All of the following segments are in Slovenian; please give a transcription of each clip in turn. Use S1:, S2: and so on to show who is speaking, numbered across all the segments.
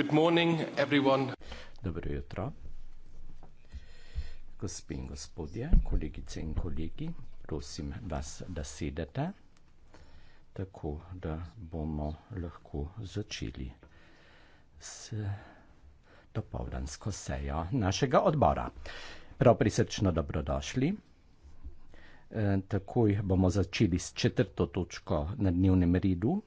S1: Good morning,
S2: Dobro jutro, gospe in gospodje, kolegice in kolegi, prosim vas, da sedete, tako da bomo lahko začeli s dopoldansko sejo našega odbora. Prav prisrčno dobrodošli. E, takoj bomo začeli s četrto točko na dnevnem redu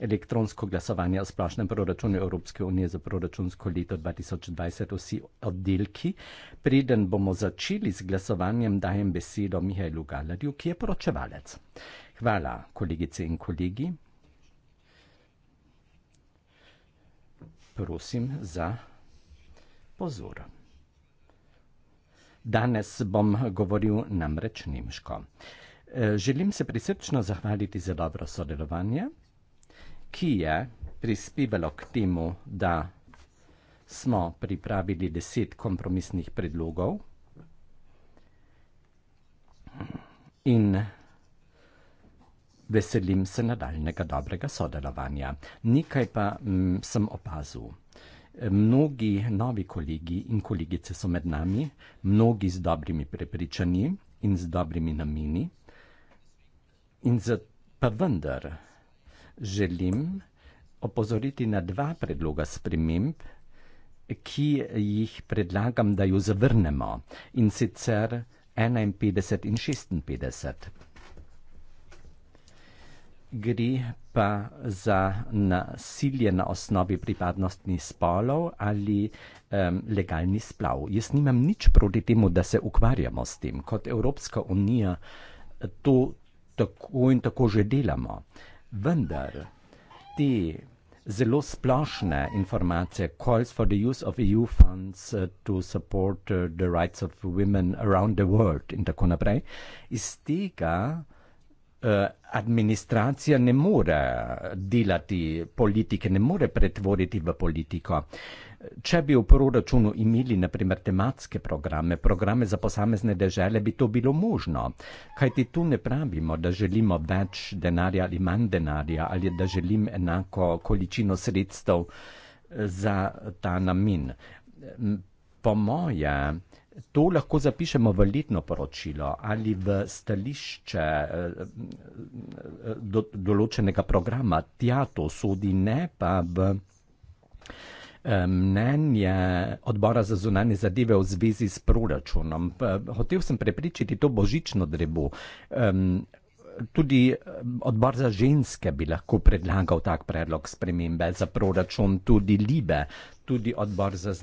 S2: elektronsko glasovanje o splošnem proračunu Evropske unije za proračunsko leto 2020 vsi oddelki. Preden bomo začeli z glasovanjem, dajem besedo Mihajlu Galerju, ki je poročevalec. Hvala, kolegice in kolegi. Prosim za pozor. Danes bom govoril namreč nemško. Želim se prisrčno zahvaliti za dobro sodelovanje ki je prispevalo k temu, da smo pripravili deset kompromisnih predlogov in veselim se nadaljnega dobrega sodelovanja. Nekaj pa m, mm, sem opazil. Mnogi novi kolegi in kolegice so med nami, mnogi z dobrimi prepričanji in z dobrimi nameni. In za, pa vendar, želim opozoriti na dva predloga sprememb, ki jih predlagam, da ju zavrnemo in sicer 51 in 56. Gre pa za nasilje na osnovi pripadnosti spolov ali um, legalni splav. Jaz nimam nič proti temu, da se ukvarjamo s tem. Kot Evropska unija to tako in tako že delamo vendar te zelo splošne informacije, calls for the use of EU funds eh, to support eh, the rights of women around the world in tako naprej, iz tega uh, administracija ne more delati politike, ne more pretvoriti v politiko. Uh, Če bi v proračunu imeli naprimer tematske programe, programe za posamezne dežele, bi to bilo možno. Kaj ti tu ne pravimo, da želimo več denarja ali manj denarja ali da želim enako količino sredstev eh, za ta namen. Po moje, to lahko zapišemo v letno poročilo ali v stališče eh, eh, do, določenega programa. Tja to sodi ne pa v. Eh, mnenje odbora za zunanje zadeve v zvezi s proračunom. Eh, Hotev sem prepričiti to božično drevo. Tudi eh, odbor za ženske bi lahko predlagal tak predlog spremembe za proračun, tudi Libe, tudi odbor za,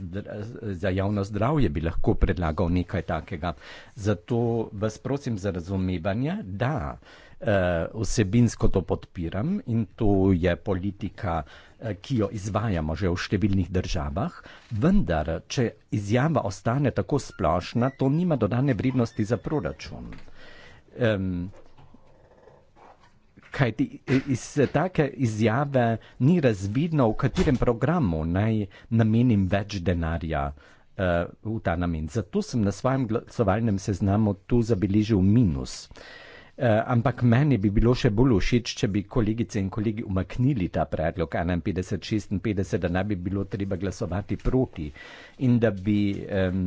S2: za javno zdravje bi lahko predlagal nekaj takega. Zato vas prosim za razumevanje, da uh, vsebinsko to podpiram in to je politika, uh, ki jo izvajamo že v številnih državah, vendar, če izjava ostane tako splošna, to nima dodane vrednosti za proračun. Um, Kaj ti eh, iz take izjave ni razvidno, v katerem programu naj namenim več denarja uh, v ta namen. Zato sem na svojem glasovalnem seznamu tu zabeležil minus. Uh, Eh, ampak meni bi bilo še bolj všeč, če bi kolegice in kolegi umaknili ta predlog 51-56, da ne bi bilo treba glasovati proti in da bi um,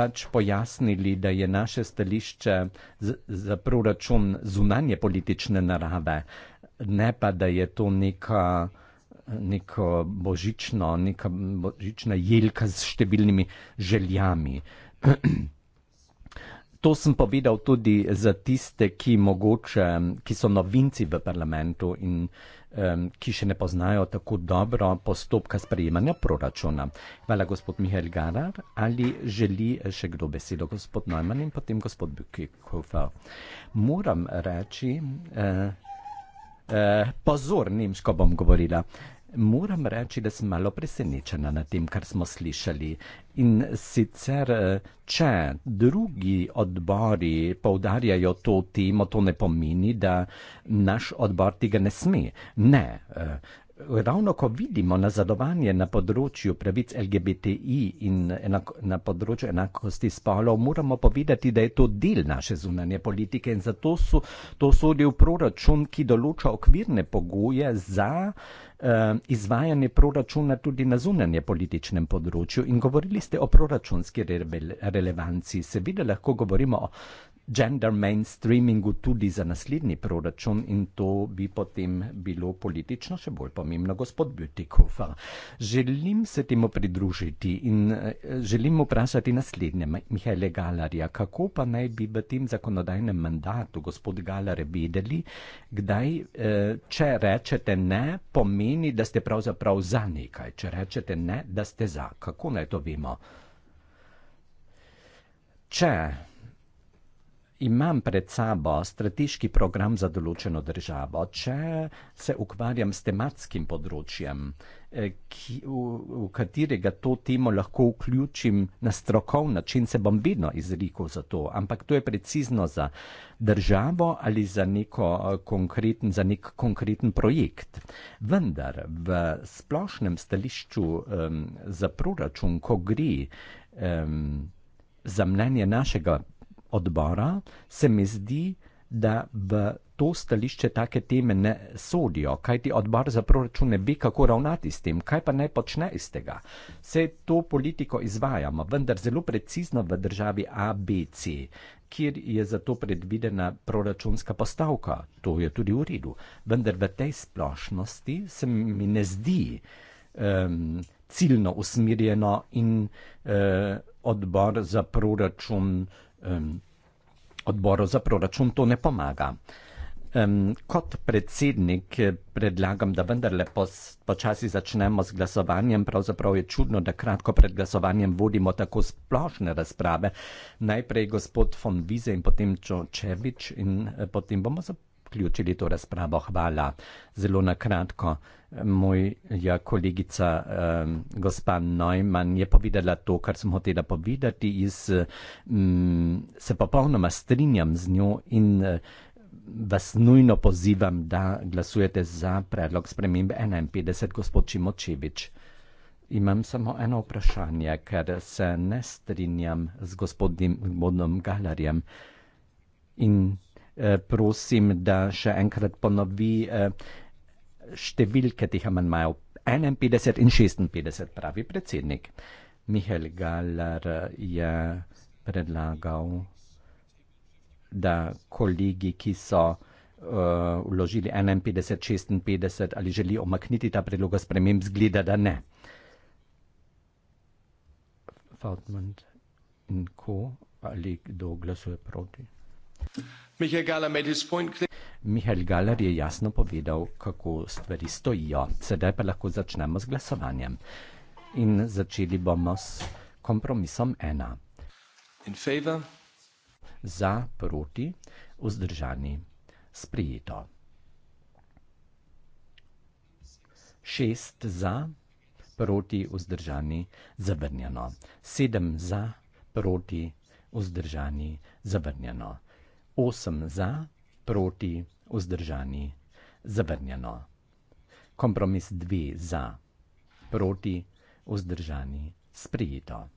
S2: pač pojasnili, da je naše stališče z, za proračun zunanje politične narave, ne pa da je to neka. Neko božično, neka božična jelka s številnimi željami. To sem povedal tudi za tiste, ki, mogoče, ki so novinci v parlamentu in um, ki še ne poznajo tako dobro postopka sprejemanja proračuna. Hvala, gospod Mihajl Garar. Ali želi eh, še kdo besedo, gospod Neumann in potem gospod Bukikhofer? Moram reči, uh, uh, pozor, nemško bom govorila. Uh, Moram reči, da sem malo presenečena nad tem, kar smo slišali. In sicer, eh, če drugi odbori povdarjajo to temo, to ne pomeni, da naš odbor tega ne sme. Ne. Eh, ravno ko vidimo nazadovanje na področju pravic LGBTI in enako, na področju enakosti spolov, moramo povedati, da je to del naše zunanje politike in zato so, to sodi v proračun, ki določa okvirne pogoje za eh, izvajanje proračuna tudi na zunanje političnem področju. In govorili ste o proračunski rele relevanci. Seveda lahko govorimo o gender mainstreamingu tudi za naslednji proračun in to bi potem bilo politično še bolj pomembno, gospod Bütikov. Želim se temu pridružiti in eh, želim vprašati naslednje, Mihajle Galarja, kako pa naj bi v tem zakonodajnem mandatu, gospod Galare, vedeli, kdaj, eh, če rečete ne, pomeni, da ste pravzaprav za nekaj, če rečete ne, da ste za. Kako naj to vemo? Če imam pred sabo strateški program za določeno državo, če se ukvarjam s tematskim področjem, eh, ki, v, v katerega to temo lahko vključim na strokov način, se bom vedno izrekel za to, ampak to je precizno za državo ali za, eh, konkreten, za nek konkreten projekt. Vendar v splošnem stališču um, za proračun, ko gre um, za mnenje našega odbora, se mi zdi, da v to stališče take teme ne sodijo, kajti odbor za proračun ne ve, kako ravnati s tem, kaj pa naj počne iz tega. Se to politiko izvajamo, vendar zelo precizno v državi ABC, kjer je za to predvidena proračunska postavka. To je tudi v redu. Vendar v tej splošnosti se mi ne zdi um, ciljno usmirjeno in uh, odbor za proračun um, Odboru za proračun to ne pomaga. Um, kot predsednik eh, predlagam, da vendarle pos, počasi začnemo z glasovanjem. Pravzaprav je čudno, da kratko pred glasovanjem vodimo tako splošne razprave. Najprej gospod von Vize in potem Čočevič in eh, potem bomo zaprli zaključili to razpravo. Hvala. Zelo na kratko. Moja ja, kolegica um, gospa Neumann je povedala to, kar sem hotela povedati in um, se popolnoma strinjam z njo in uh, vas nujno pozivam, da glasujete za predlog spremembe 51, gospod Čimočevič. Imam samo eno vprašanje, ker se ne strinjam z gospodom Galarjem. In Eh, prosim, da še enkrat ponovi eh, številke teh amantmajev 51 in 56, pravi predsednik. Mihael Galar eh, je predlagal, da kolegi, ki so uh, vložili 51, 56 ali želi omakniti ta predlog sprememb, zgleda, da ne. Faltmund in ko ali kdo glasuje proti? Mihael Galer je jasno povedal, kako stvari stojijo. Sedaj pa lahko začnemo z glasovanjem. In začeli bomo s kompromisom ena. Za, proti, vzdržani, sprijeto. Šest za, proti, vzdržani, zavrnjeno. Sedem za, proti, vzdržani, zavrnjeno. 8 za, proti, vzdržani, zavrnjeno. Kompromis 2 za, proti, vzdržani, sprijeto.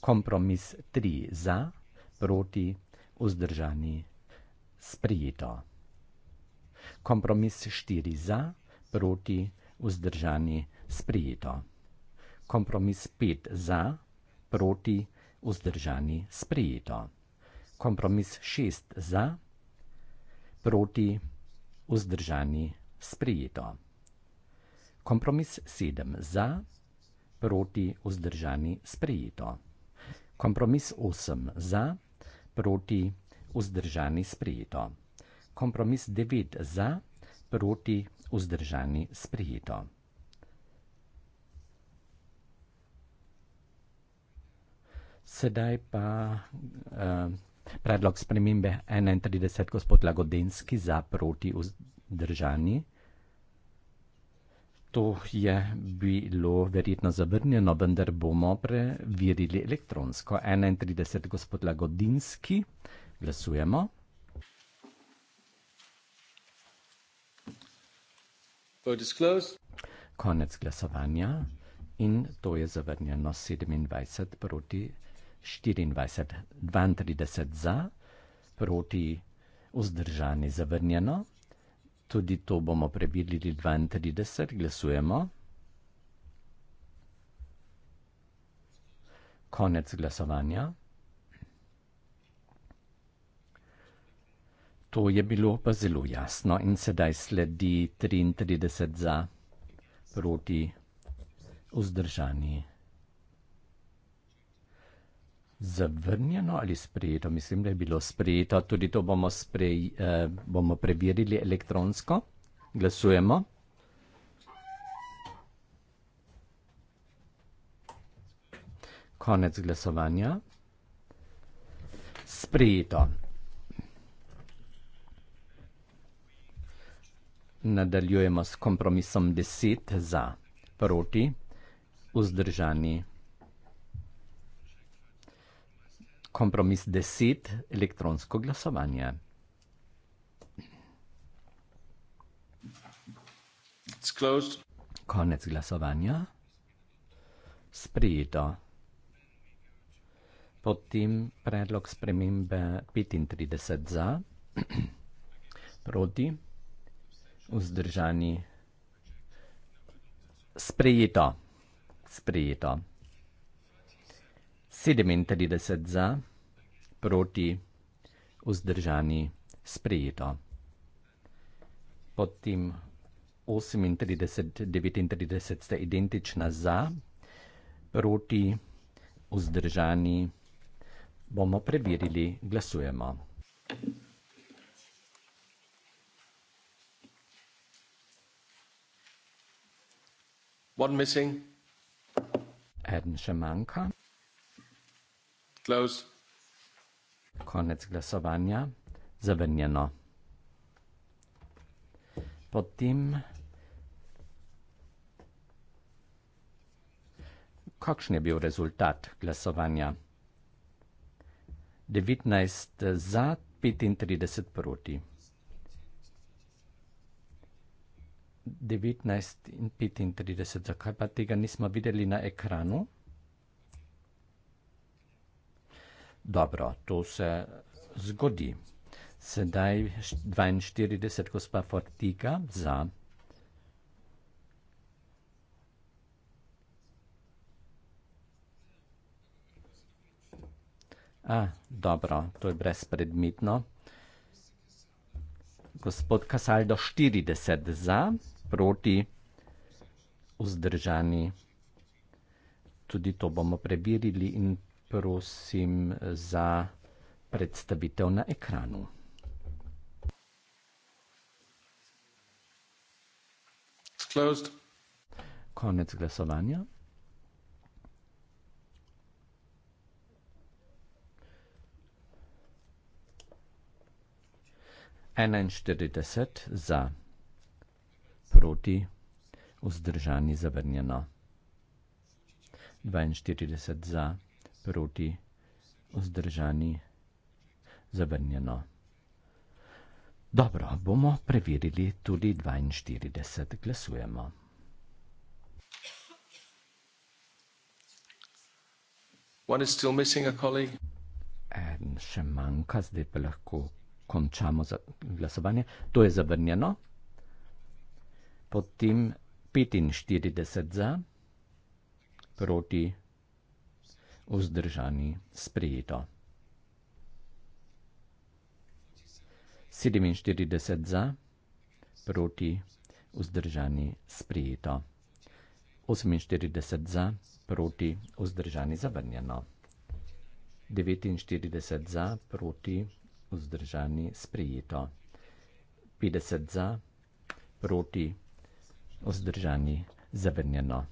S2: Kompromis 3 za, proti, vzdržani, sprijeto. Kompromis 4 za, proti, vzdržani, sprijeto. Kompromis 5 za, proti, vzdržani, sprijeto vzdržani sprejeto. Kompromis 6 za, proti vzdržani sprejeto. Kompromis 7 za, proti vzdržani sprejeto. Kompromis 8 za, proti vzdržani sprejeto. Kompromis 9 za, proti vzdržani sprejeto. Sedaj pa uh, predlog spremembe 31, gospod Lagodenski, za proti vzdržani. To je bilo verjetno zavrnjeno, vendar bomo preverili elektronsko. 31, gospod Lagodinski, glasujemo. Konec glasovanja in to je zavrnjeno 27 proti 32 za, proti vzdržani zavrnjeno. Tudi to bomo prebirili 32, glasujemo. Konec glasovanja. To je bilo pa zelo jasno in sedaj sledi 33 za proti vzdržanji zavrnjeno ali sprejeto? Mislim, da je bilo sprejeto. Tudi to bomo, sprej, eh, bomo preverili elektronsko. Glasujemo. Konec glasovanja. Sprejeto. Nadaljujemo s kompromisom 10 za, proti, vzdržani. kompromis 10, elektronsko glasovanje. Konec glasovanja. Sprijeto. Potem predlog spremembe 35 za, proti, vzdržani. Sprijeto. Sprijeto. 37 za, proti, vzdržani, sprejeto. Potem 38, 39 sta identična za, proti, vzdržani. Bomo preverili, glasujemo. One missing. Eden še manjka. Close. Konec glasovanja. Zavrnjeno. Potem. Kakšen je bil rezultat glasovanja? 19 za, 35 proti. 19 in 35, zakaj pa tega nismo videli na ekranu? Dobro, to se zgodi. Sedaj 42, gospa Fortika, za. A, dobro, to je brezpredmetno. Gospod Kasaldo, 40 za, proti vzdržani. Tudi to bomo preverili in prosim za predstavitev na ekranu. Closed. Konec glasovanja. Enainštirideset za, proti, vzdržani zavrnjeno. Dvainštirideset za proti, vzdržani, zavrnjeno. Dobro, bomo preverili tudi 42, glasujemo.
S1: One is still missing a colleague.
S2: En še manjka, zdaj pa lahko končamo za glasovanje. To je zavrnjeno. Potem 45 za, proti vzdržani sprejeto. 47 za, proti vzdržani sprejeto. 48 za, proti vzdržani zavrnjeno. 49 za, proti vzdržani sprejeto. 50 za, proti vzdržani zavrnjeno.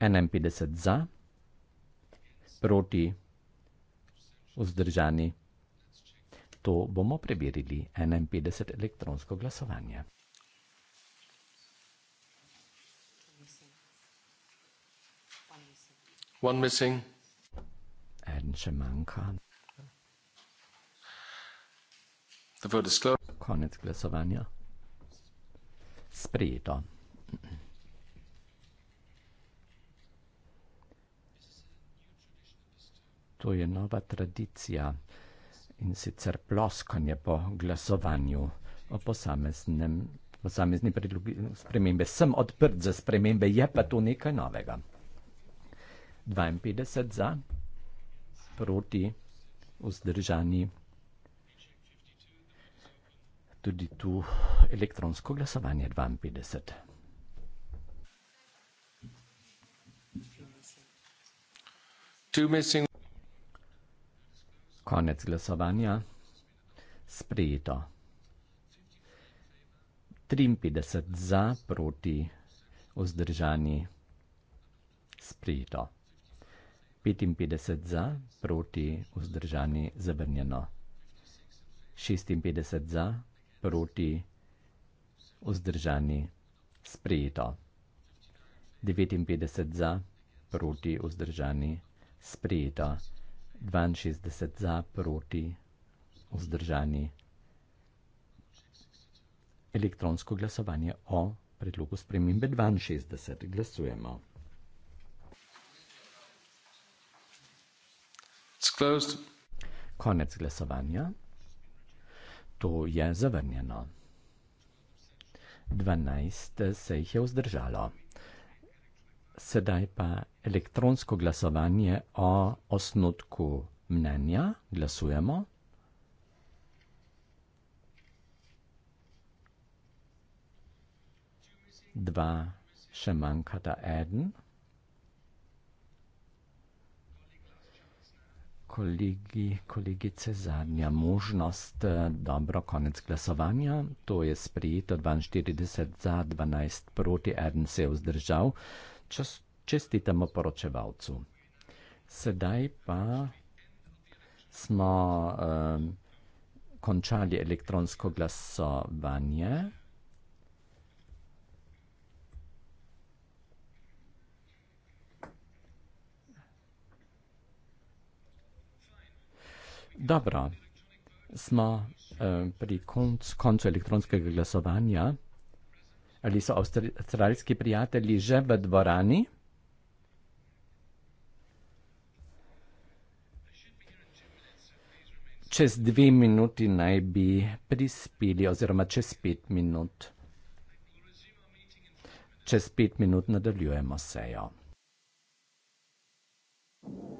S2: 51 za, proti vzdržani zavrnjeno proti vzdržani. To bomo preverili 51 elektronsko glasovanje.
S1: One missing. Eden še manjka. The vote is closed.
S2: Konec glasovanja. Sprejeto. Mm -mm. to je nova tradicija in sicer ploskanje po glasovanju o posameznem, posamezni predlogi spremembe. Sem odprt za spremembe, je pa to nekaj novega. 52 za, proti, vzdržani. Tudi tu elektronsko glasovanje 52. Two missing. Konec glasovanja. Sprejeto. 53 za, proti, vzdržani. Sprejeto. 55 za, proti, vzdržani, zavrnjeno. 56 za, proti, vzdržani, sprejeto. 59 za, proti, vzdržani, sprejeto. 62 za, proti, vzdržani. Elektronsko glasovanje o predlogu spremembe 62. Glasujemo. Konec glasovanja. To je zavrnjeno. 12 se jih je vzdržalo sedaj pa elektronsko glasovanje o osnutku mnenja. Glasujemo. Dva še manjkata, eden. Kolegi, kolegice, zadnja možnost, eh, dobro, konec glasovanja. To je sprijeto 42 za 12 proti 1 se je vzdržal čas, čestitamo poročevalcu. Sedaj pa smo um, končali elektronsko glasovanje. Dobro, smo um, pri konc, koncu elektronskega glasovanja. Ali so avstralski prijatelji že v dvorani? Čez dve minuti naj bi prispeli, oziroma čez pet minut. Čez pet minut nadaljujemo sejo. Thank you.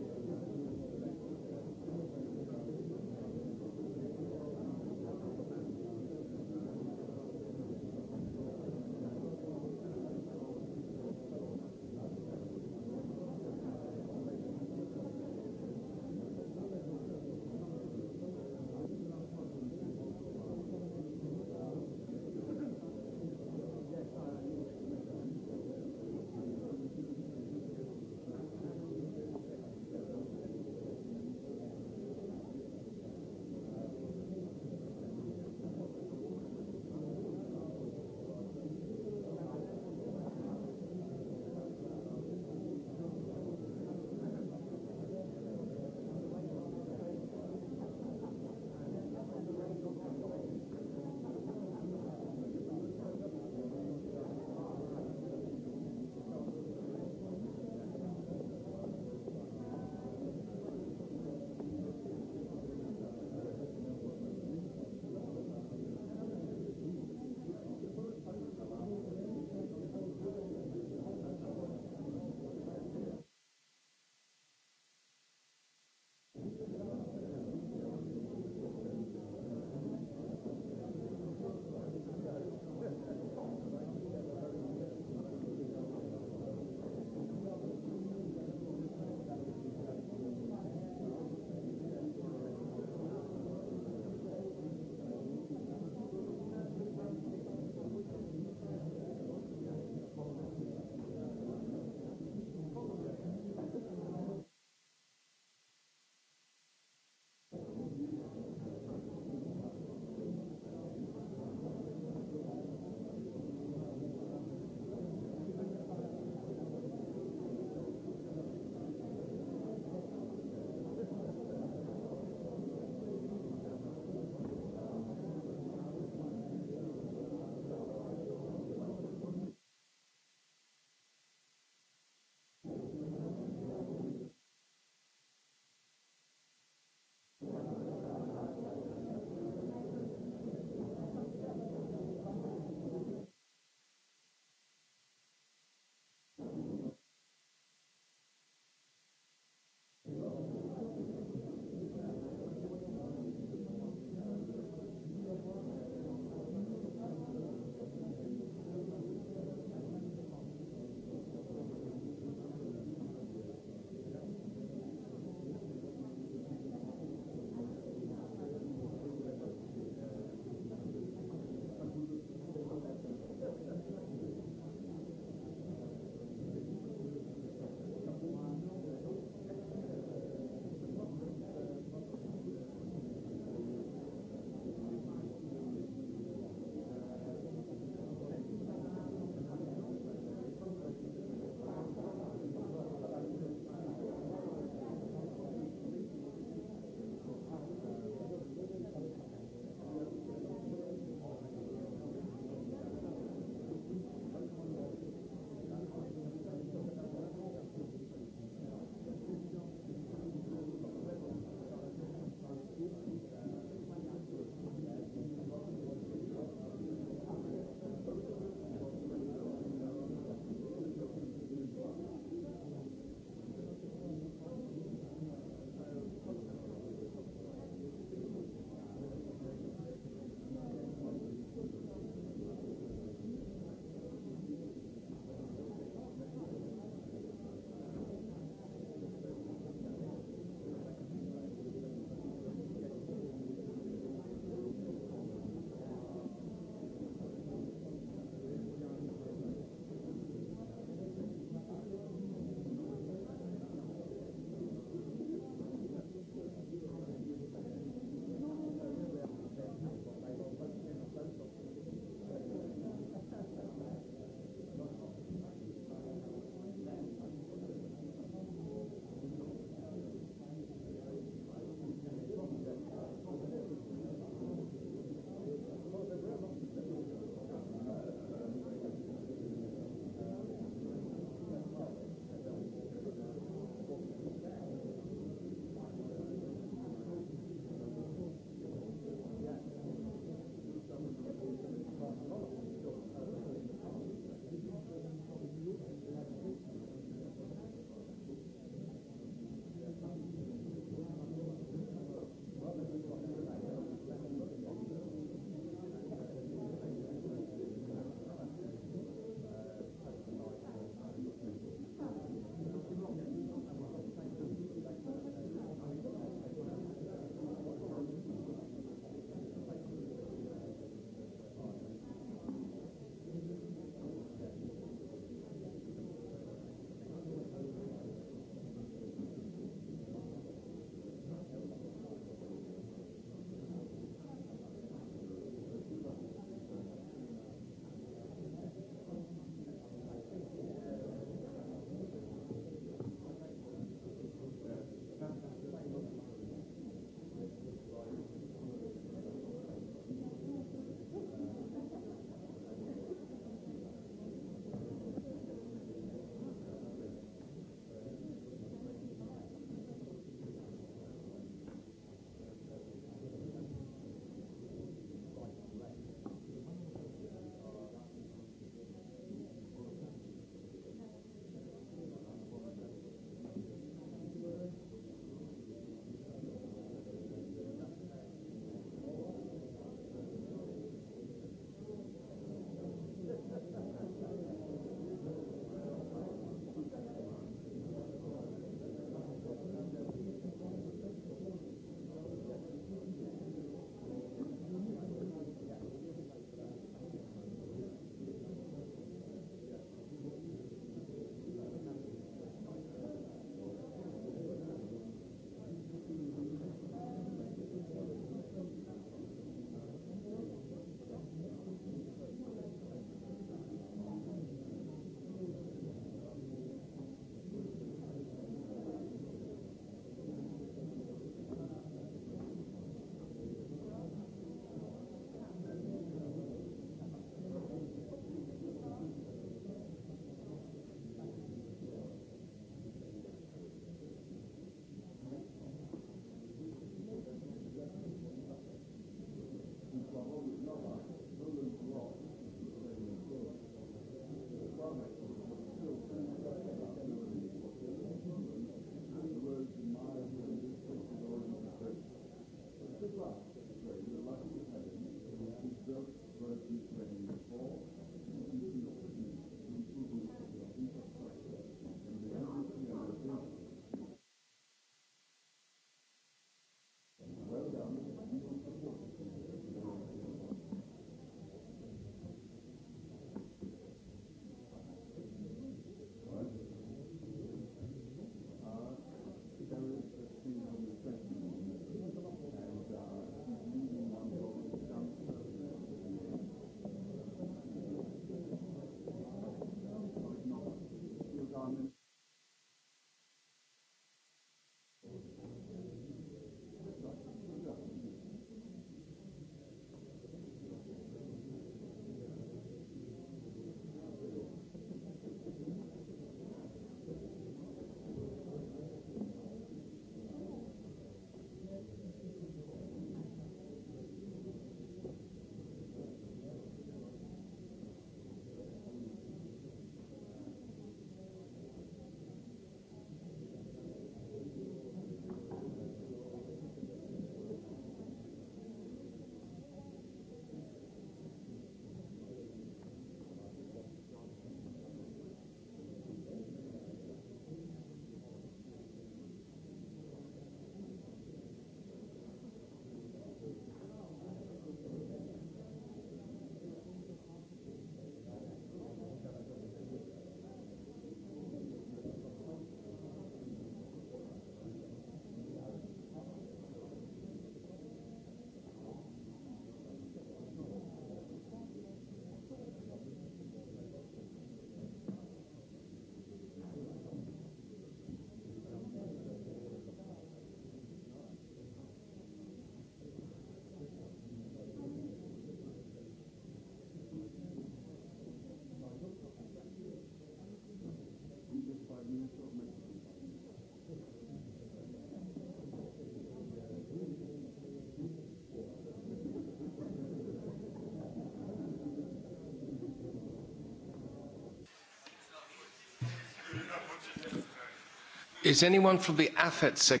S1: Is anyone from the AFET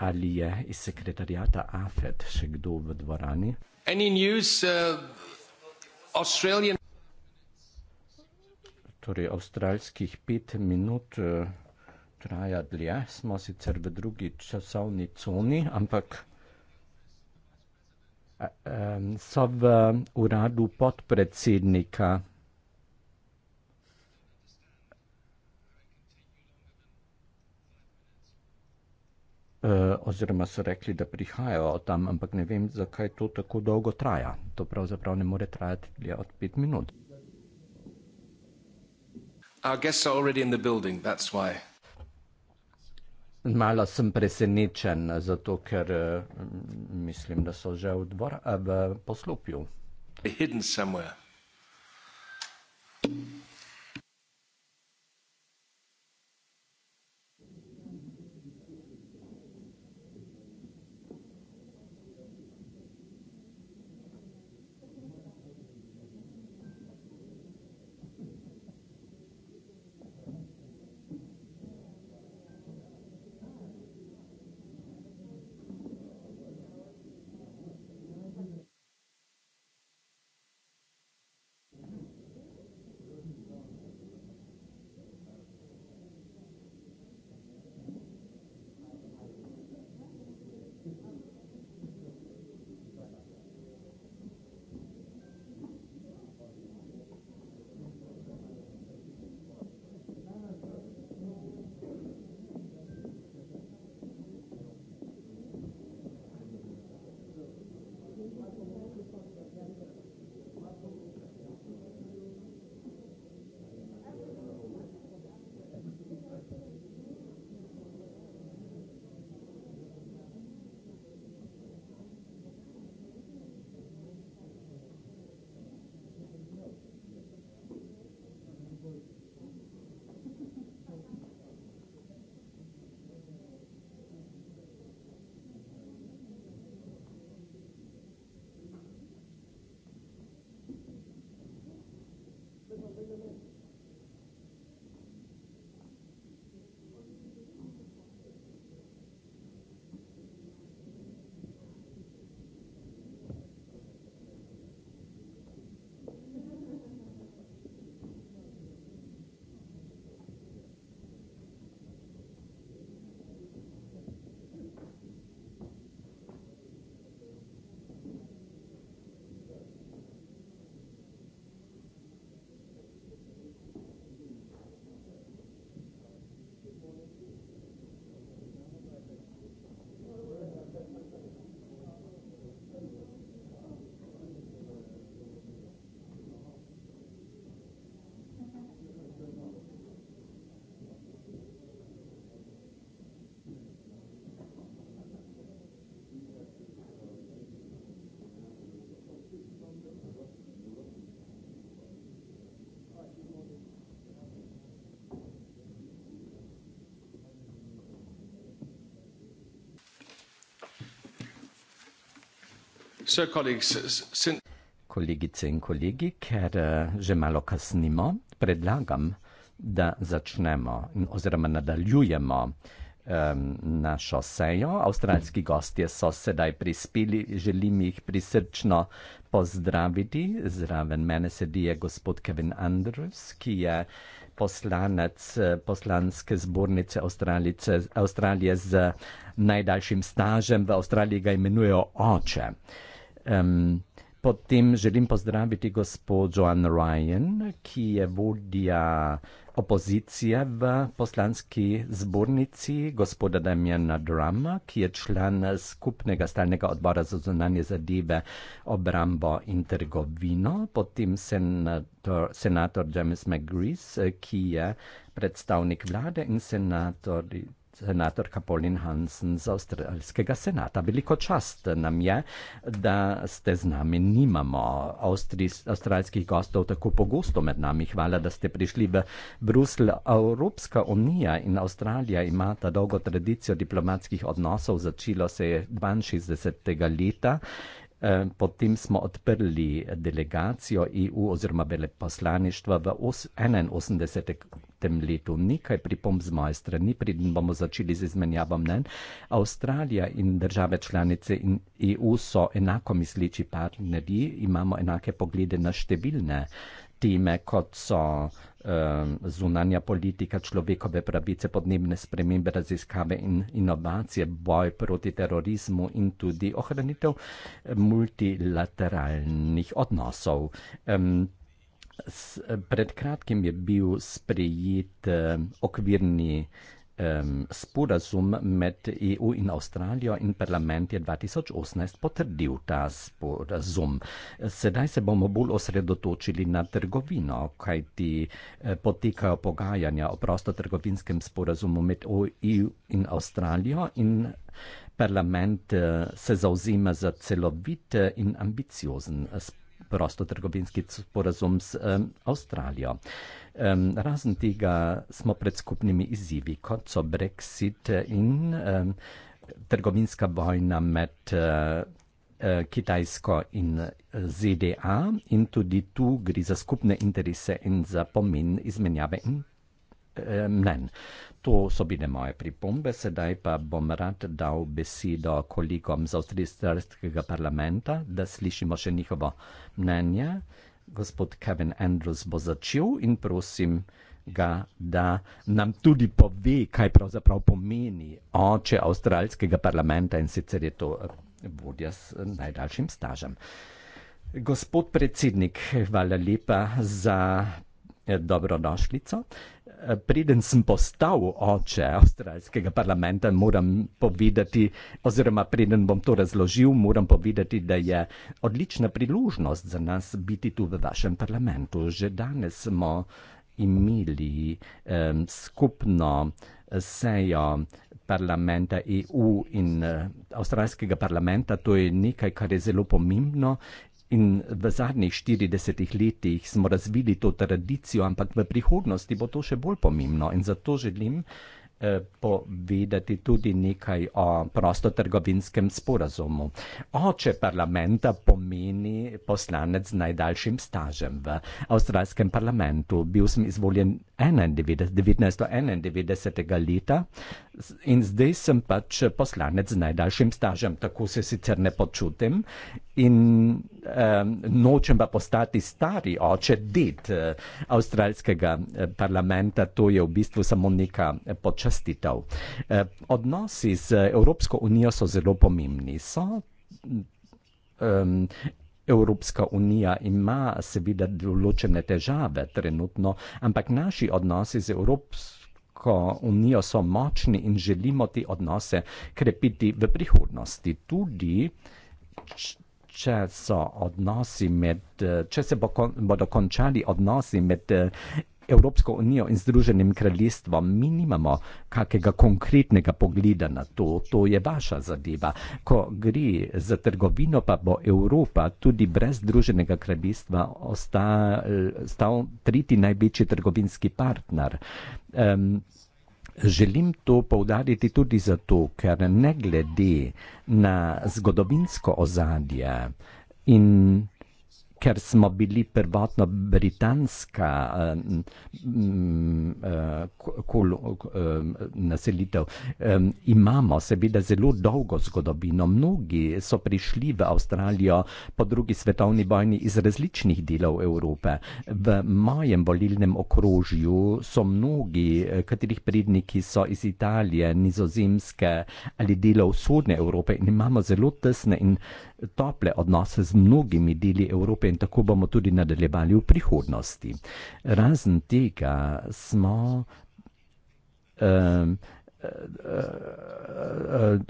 S2: Ali je iz sekretarijata AFET še kdo v dvorani?
S1: Any news, uh, Australian...
S2: Torej, avstralskih pet minut uh, traja dlje. Smo sicer v drugi časovni coni, ampak eh, eh, so v uradu podpredsednika oziroma so rekli, da prihajajo tam, ampak ne vem, zakaj to tako dolgo traja. To pravzaprav ne more trajati dlje od pet minut. Malo sem presenečen, zato ker eh, mislim, da so že v, dvor, eh, v poslopju. Kolegice in kolegi, ker eh, že malo kasnimo, predlagam, da začnemo oziroma nadaljujemo um, našo sejo. Avstralski gostje so sedaj prispeli, želim jih prisrčno pozdraviti. Zraven mene sedi je gospod Kevin Andrews, ki je poslanec eh, poslanske zbornice Avstralice, Avstralije z najdaljšim stažem. V Avstraliji ga imenujejo oče. Um, potem želim pozdraviti gospod Joan Ryan, ki je vodja opozicije v poslanski zbornici, gospoda Damjana Drama, ki je član skupnega stalnega odbora za zunanje zadeve, obrambo in trgovino, potem senator, senator James McGreece, ki je predstavnik vlade in senator senatorka Pauline Hansen z Avstrijskega senata. Veliko čast nam je, da ste z nami. Nimamo avstrijskih gostov tako pogosto med nami. Hvala, da ste prišli v Brusel. Evropska unija in Avstralija imata dolgo tradicijo diplomatskih odnosov. Začelo se je 62. leta Potem smo odprli delegacijo EU oziroma veleposlaništva v 81. letu. Nekaj pripomb z moje strani, predtem bomo začeli z izmenjavo mnen. Avstralija in države članice in EU so enako misliči partnerji, imamo enake poglede na številne teme, kot so eh, zunanja politika, človekove pravice, podnebne spremembe, raziskave in inovacije, boj proti terorizmu in tudi ohranitev multilateralnih odnosov. Eh, s, pred kratkim je bil sprejet eh, okvirni eh, sporazum med EU in Avstralijo in parlament je 2018 potrdil ta sporazum. Sedaj se bomo bolj osredotočili na trgovino, kajti eh, potekajo pogajanja o prostotrgovinskem sporazumu med EU in Avstralijo in parlament eh, se zauzima za celovit eh, in ambiciozen prostotrgovinski sporazum z Avstralijo. Um, Um, razen tega smo pred skupnimi izzivi, kot so Brexit in um, trgovinska vojna med uh, uh, Kitajsko in eh, ZDA in tudi tu gre za skupne interese in za pomen izmenjave in uh, mnen. To so bile moje pripombe, sedaj pa bom rad dal besedo kolegom z avstrijskega parlamenta, da slišimo še njihovo mnenje gospod Kevin Andrews bo začel in prosim ga, da nam tudi pove, kaj pravzaprav pomeni oče avstralskega parlamenta in sicer je to vodja s najdaljšim stažem. Gospod predsednik, hvala lepa za dobrodošlico. Eh, preden sem postal oče avstralskega parlamenta, moram povedati, oziroma preden bom to razložil, moram povedati, da je odlična priložnost za nas biti tu v vašem parlamentu. Že danes smo imeli um, skupno eh, sejo parlamenta EU in uh, avstralskega parlamenta. To je nekaj, kar je zelo pomembno In v zadnjih 40 letih smo razvili to tradicijo, ampak v prihodnosti bo to še bolj pomembno in zato želim, Eh, povedati tudi nekaj o prostotrgovinskem sporazumu. Oče parlamenta pomeni poslanec z najdaljšim stažem v avstralskem parlamentu. Bil sem izvoljen 1991. leta in zdaj sem pač poslanec z najdaljšim stažem, tako se sicer ne počutim in eh, nočem pa postati stari oče ded eh, avstralskega eh, parlamenta, to je v bistvu samo neka eh, počasnost častitev. Eh, odnosi z Evropsko unijo so zelo pomembni. So, um, Evropska unija ima seveda določene težave trenutno, ampak naši odnosi z Evropsko unijo so močni in želimo te odnose krepiti v prihodnosti. Tudi, če so odnosi med, če se bodo končali odnosi med Evropsko unijo in Združenim kraljestvom, mi nimamo kakega konkretnega pogleda na to, to je vaša zadeva. Ko gre za trgovino, pa bo Evropa tudi brez Združenega kraljestva ostal tretji največji trgovinski partner. Um, Želim to povdariti tudi zato, ker ne glede na zgodovinsko ozadje in ker smo bili prvotno britanska eh, naselitev, imamo seveda zelo dolgo zgodovino. Mnogi so prišli v Avstralijo po drugi svetovni vojni iz različnih delov Evrope. V mojem volilnem okrožju so mnogi, eh, katerih predniki so iz Italije, nizozemske ali delov vzhodne Evrope in imamo zelo tesne in tople odnose z mnogimi deli Evrope in tako bomo tudi nadaljevali v prihodnosti. Razen tega smo. Um,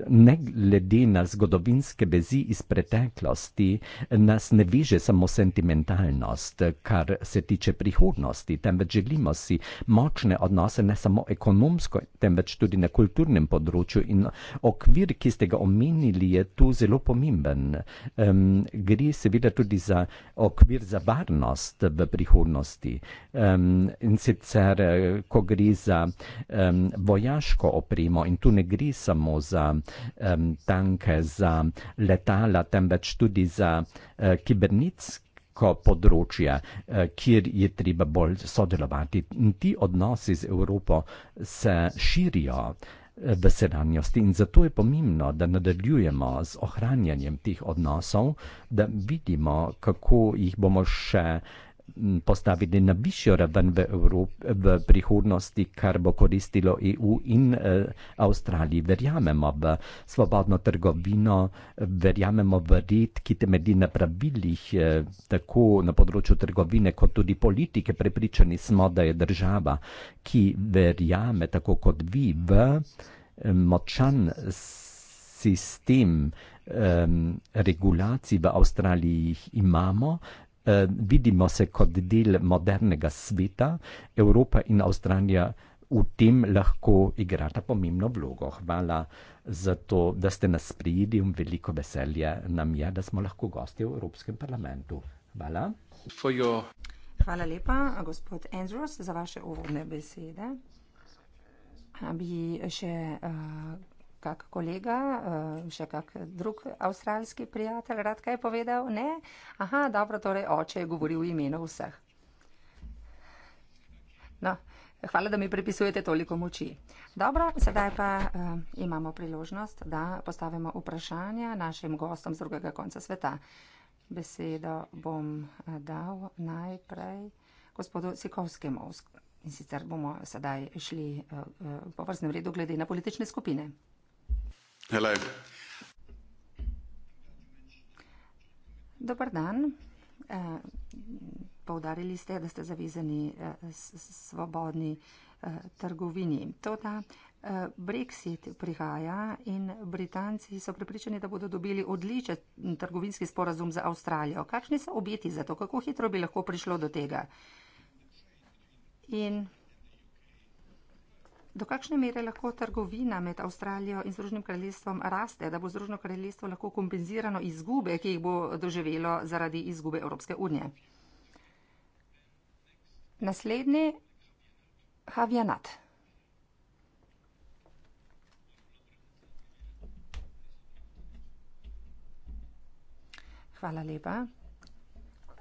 S2: ne glede na zgodovinske vezi iz preteklosti, nas ne veže samo sentimentalnost, kar se tiče prihodnosti, temveč želimo si močne odnose ne samo ekonomsko, temveč tudi na kulturnem področju in okvir, ki ste ga omenili, je tu zelo pomemben. Um, gre seveda tudi za okvir za varnost v prihodnosti um, in sicer, ko gre za um, vojaško opravljanje, opremo. In tu ne gre samo za um, tanke, za letala, temveč tudi za uh, eh, kibernetske. Področje, eh, kjer je treba bolj sodelovati. In ti odnosi z Evropo se širijo eh, v sedanjosti in zato je pomembno, da nadaljujemo z ohranjanjem teh odnosov, da vidimo, kako jih bomo še postaviti na višjo raven v, Evrop, v prihodnosti, kar bo koristilo EU in eh, Avstraliji. Verjamemo v svobodno trgovino, verjamemo v red, ki temelji na pravilih, eh, tako na področju trgovine, kot tudi politike. Prepričani smo, da je država, ki verjame, tako kot vi, v eh, močan sistem eh, regulacij v Avstraliji, imamo eh, vidimo se kot del modernega sveta, Evropa in Avstralija v tem lahko igrata pomembno vlogo. Hvala za to, da ste nas prijeli in veliko veselje nam je, da smo lahko gosti v Evropskem parlamentu. Hvala.
S3: Hvala lepa, gospod Andrews, za vaše uvodne besede. Bi še uh, kak kolega, eh, še kak drug avstralski prijatelj rad kaj povedal? Ne? Aha, dobro, torej oče je govoril v imenu vseh. No, hvala, da mi pripisujete toliko moči. Dobro, sedaj pa uh, imamo priložnost, da postavimo vprašanja našim gostom z drugega konca sveta. Besedo bom eh, dal najprej gospodu Sikovskemu. In sicer bomo sedaj šli uh, po vrstnem redu glede na politične skupine. Hello. Dobar dan. Uh, Poudarili ste, da ste zavezani uh, svobodni uh, trgovini. To, da uh, Brexit prihaja in Britanci so pripričani, da bodo dobili odličen trgovinski sporazum za Avstralijo. Kakšni so obeti za to? Kako hitro bi lahko prišlo do tega? In Do kakšne mere lahko trgovina med Avstralijo in Združenim kraljestvom raste, da bo Združeno kraljestvo lahko kompenzirano izgube, ki jih bo doživelo zaradi izgube Evropske unije? Naslednji, Havjanat. Hvala lepa.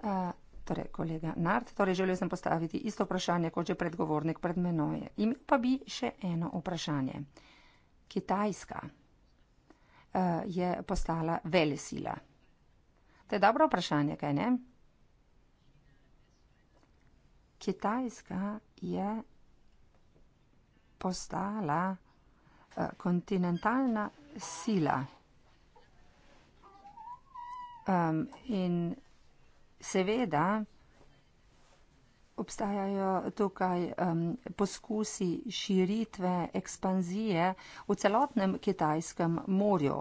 S3: Uh, torej kolega Nart, torej želel sem postaviti isto vprašanje kot že predgovornik pred menoj. Imel pa bi še eno vprašanje. Kitajska uh, je postala velesila. To je dobro vprašanje, kaj ne? Kitajska je postala uh, kontinentalna sila. Um, in seveda obstajajo tukaj um, poskusi širitve, ekspanzije v celotnem kitajskem morju.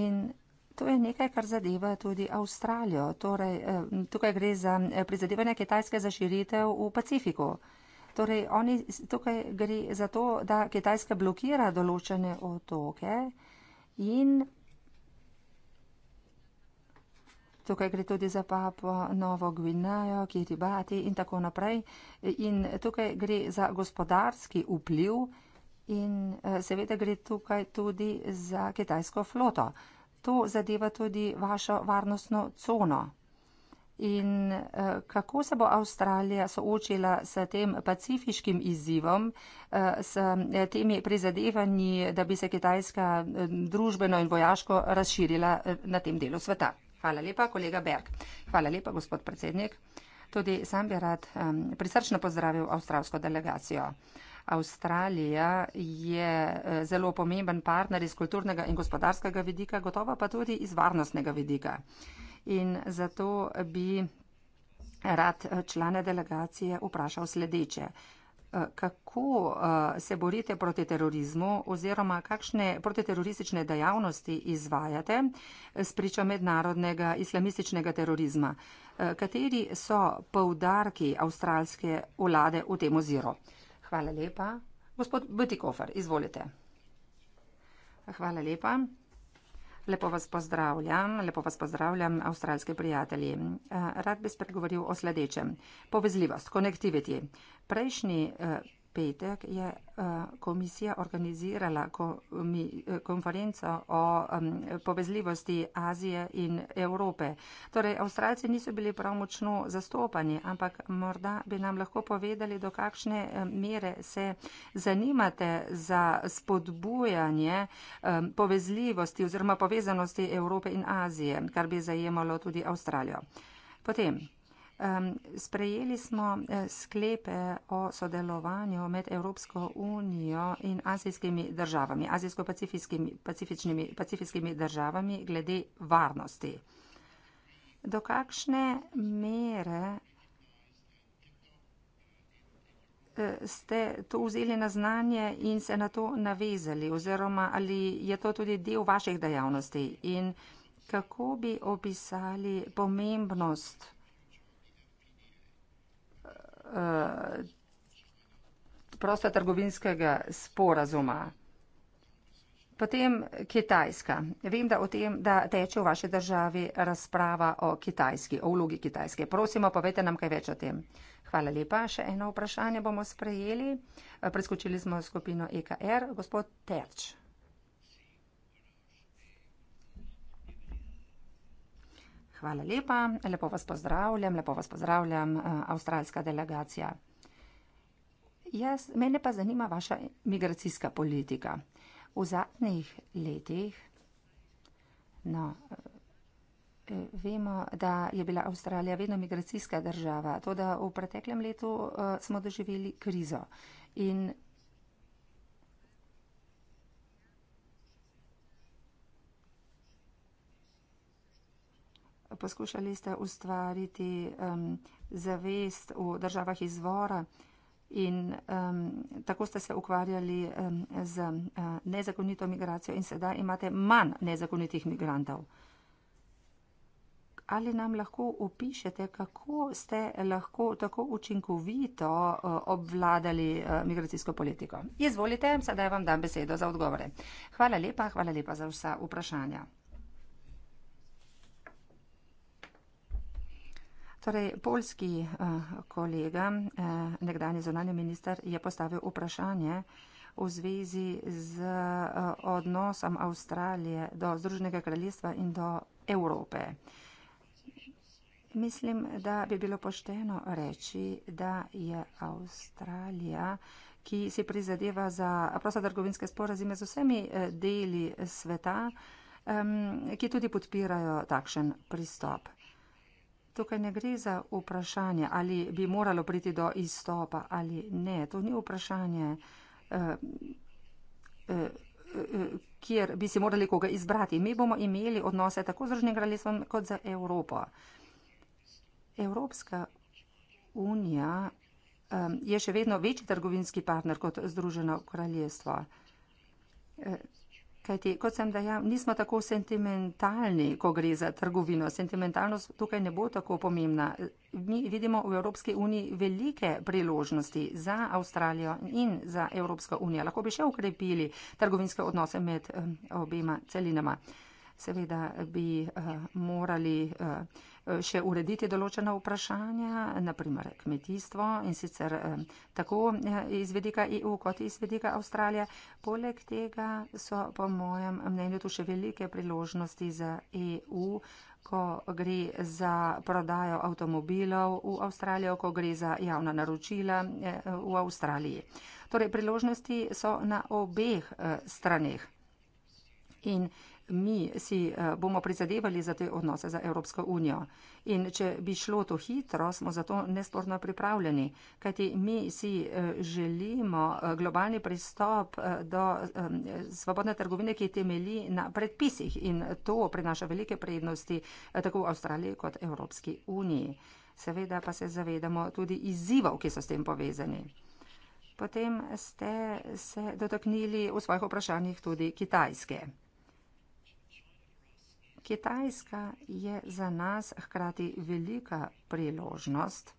S3: In to je nekaj, kar zadeva tudi Avstralijo. Torej, um, tukaj gre za eh, prizadevanje Kitajske za širitev v Pacifiku. Torej, oni, tukaj gre za to, da Kitajska blokira določene otoke in Tukaj gre tudi za Papo Novo Gvinajo, Kiribati in tako naprej. In tukaj gre za gospodarski vpliv in eh, seveda gre tukaj tudi za kitajsko floto. To zadeva tudi vašo varnostno cono. In eh, kako se bo Avstralija soočila s tem pacifiškim izzivom, eh, s temi prizadevanji, da bi se kitajska družbeno in vojaško razširila na tem delu sveta? Hvala lepa, kolega Berg. Hvala lepa, gospod predsednik. Tudi sam bi rad um, prisrčno pozdravil avstralsko delegacijo. Avstralija je e, zelo pomemben partner iz kulturnega in gospodarskega vidika, gotovo pa tudi iz varnostnega vidika. In zato bi rad e, člane delegacije vprašal sledeče. Eh, kako eh, se borite proti terorizmu oziroma kakšne protiteroristične dejavnosti izvajate s pričo mednarodnega islamističnega terorizma. Eh, kateri so povdarki avstralske vlade v tem oziru? Hvala lepa. Gospod Bitikofer, izvolite. Hvala lepa. Lepo vas pozdravljam, lepo vas pozdravljam, avstralski prijatelji. Eh, rad bi spregovoril o sledečem. Povezljivost, konektiviti. Prejšnji eh, petek je eh, komisija organizirala eh, konferenco o povezljivosti Azije in Evrope. Torej, Avstralci niso bili prav močno zastopani, ampak morda bi nam lahko povedali, do kakšne mere se zanimate za spodbujanje povezljivosti oziroma povezanosti Evrope in Azije, kar bi zajemalo tudi Avstralijo. Potem, Sprejeli smo eh, sklepe o sodelovanju med Evropsko unijo in azijskimi državami, azijsko-pacifičnimi pacifičnimi državami glede varnosti. Do kakšne mere eh, ste to vzeli na znanje in se na to navezali oziroma ali je to tudi del vaših dejavnosti in kako bi opisali pomembnost uh, prostotrgovinskega sporazuma. Potem Kitajska. Vem, da o tem, da teče v vaši državi razprava o Kitajski, o vlogi Kitajske. Prosimo, povete nam kaj več o tem. Hvala lepa. Še eno vprašanje bomo sprejeli. Eh, preskočili smo skupino EKR. Gospod Terč. Uh, Hvala lepa, lepo vas pozdravljam, lepo vas pozdravljam, eh, avstralska delegacija. Jaz, mene pa zanima vaša migracijska politika. V zadnjih letih, no, eh, vemo, da je bila Avstralija vedno migracijska država, to da v preteklem letu eh, smo doživeli krizo in poskušali ste ustvariti um, zavest v državah izvora in um, tako ste se ukvarjali um, z uh, nezakonito migracijo in sedaj imate manj nezakonitih migrantov. Ali nam lahko opišete, kako ste lahko tako učinkovito uh, obvladali uh, migracijsko politiko? Izvolite, sedaj vam dam besedo za odgovore. Hvala lepa, hvala lepa za vsa vprašanja. Torej, polski eh, kolega, eh, nekdani zunani minister, je postavil vprašanje v zvezi z eh, odnosom Avstralije do Združenega kraljestva in do Evrope. Mislim, da bi bilo pošteno reči, da je Avstralija, ki si prizadeva za prostotrgovinske sporazime z vsemi deli sveta, ki tudi podpirajo takšen pristop. Tukaj ne gre za vprašanje, ali bi moralo priti do izstopa ali ne. To ni vprašanje, eh, eh, eh, kjer bi si morali koga izbrati. Mi bomo imeli odnose tako z Združenim kraljestvom kot za Evropo. Evropska unija je še vedno večji trgovinski partner kot Združeno kraljestvo. Kajti, kot sem dejal, nismo tako sentimentalni, ko gre za trgovino. Sentimentalnost tukaj ne bo tako pomembna. Mi vidimo v Evropski uniji velike priložnosti za Avstralijo in za Evropsko unijo. Lahko bi še ukrepili trgovinske odnose med eh, obima celinama. Seveda bi uh, morali. Uh, Eh, še urediti določena vprašanja, naprimer kmetijstvo in sicer eh, tako eh, izvedika EU kot izvedika Avstralije. Poleg tega so po mojem mnenju tu še velike priložnosti za EU, ko gre za prodajo avtomobilov v Avstralijo, ko gre za javna naročila v Avstraliji. Torej, priložnosti so na obeh straneh. In mi si eh, bomo prizadevali za te odnose za Evropsko unijo. In če bi šlo to hitro, smo za to nesporno pripravljeni, kajti mi si eh, želimo eh, globalni pristop do svobodne trgovine, ki temeli na predpisih in to prinaša velike prednosti tako v Avstraliji kot Evropski uniji. Seveda pa se zavedamo tudi izzivov, ki so s tem povezani. Potem ste se dotaknili v svojih vprašanjih tudi kitajske. Kitajska je za nas hkrati velika priložnost.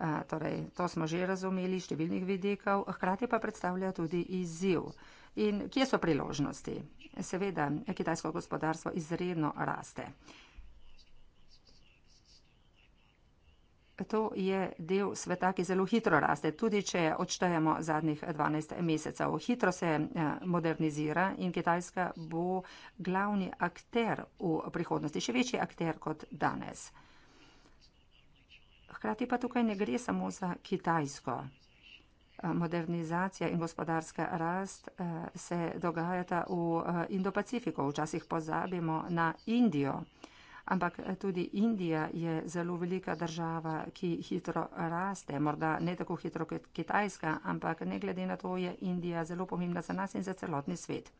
S3: Eh, torej, to smo že razumeli iz številnih vidikov, hkrati pa predstavlja tudi izziv. In kje so priložnosti? Seveda, kitajsko gospodarstvo izredno raste. to je del sveta, ki zelo hitro raste, tudi če odštejemo zadnjih 12 mesecev. Hitro se eh, modernizira in Kitajska bo glavni akter v prihodnosti, še večji akter kot danes. Hkrati pa tukaj ne gre samo za Kitajsko. Eh, modernizacija in gospodarska rast eh, se dogajata v Indo-Pacifiku. Včasih pozabimo na Indijo ampak eh, tudi Indija je zelo velika država, ki hitro raste, morda ne tako hitro kot Kitajska, ampak ne glede na to je Indija zelo pomembna za nas in za celotni svet.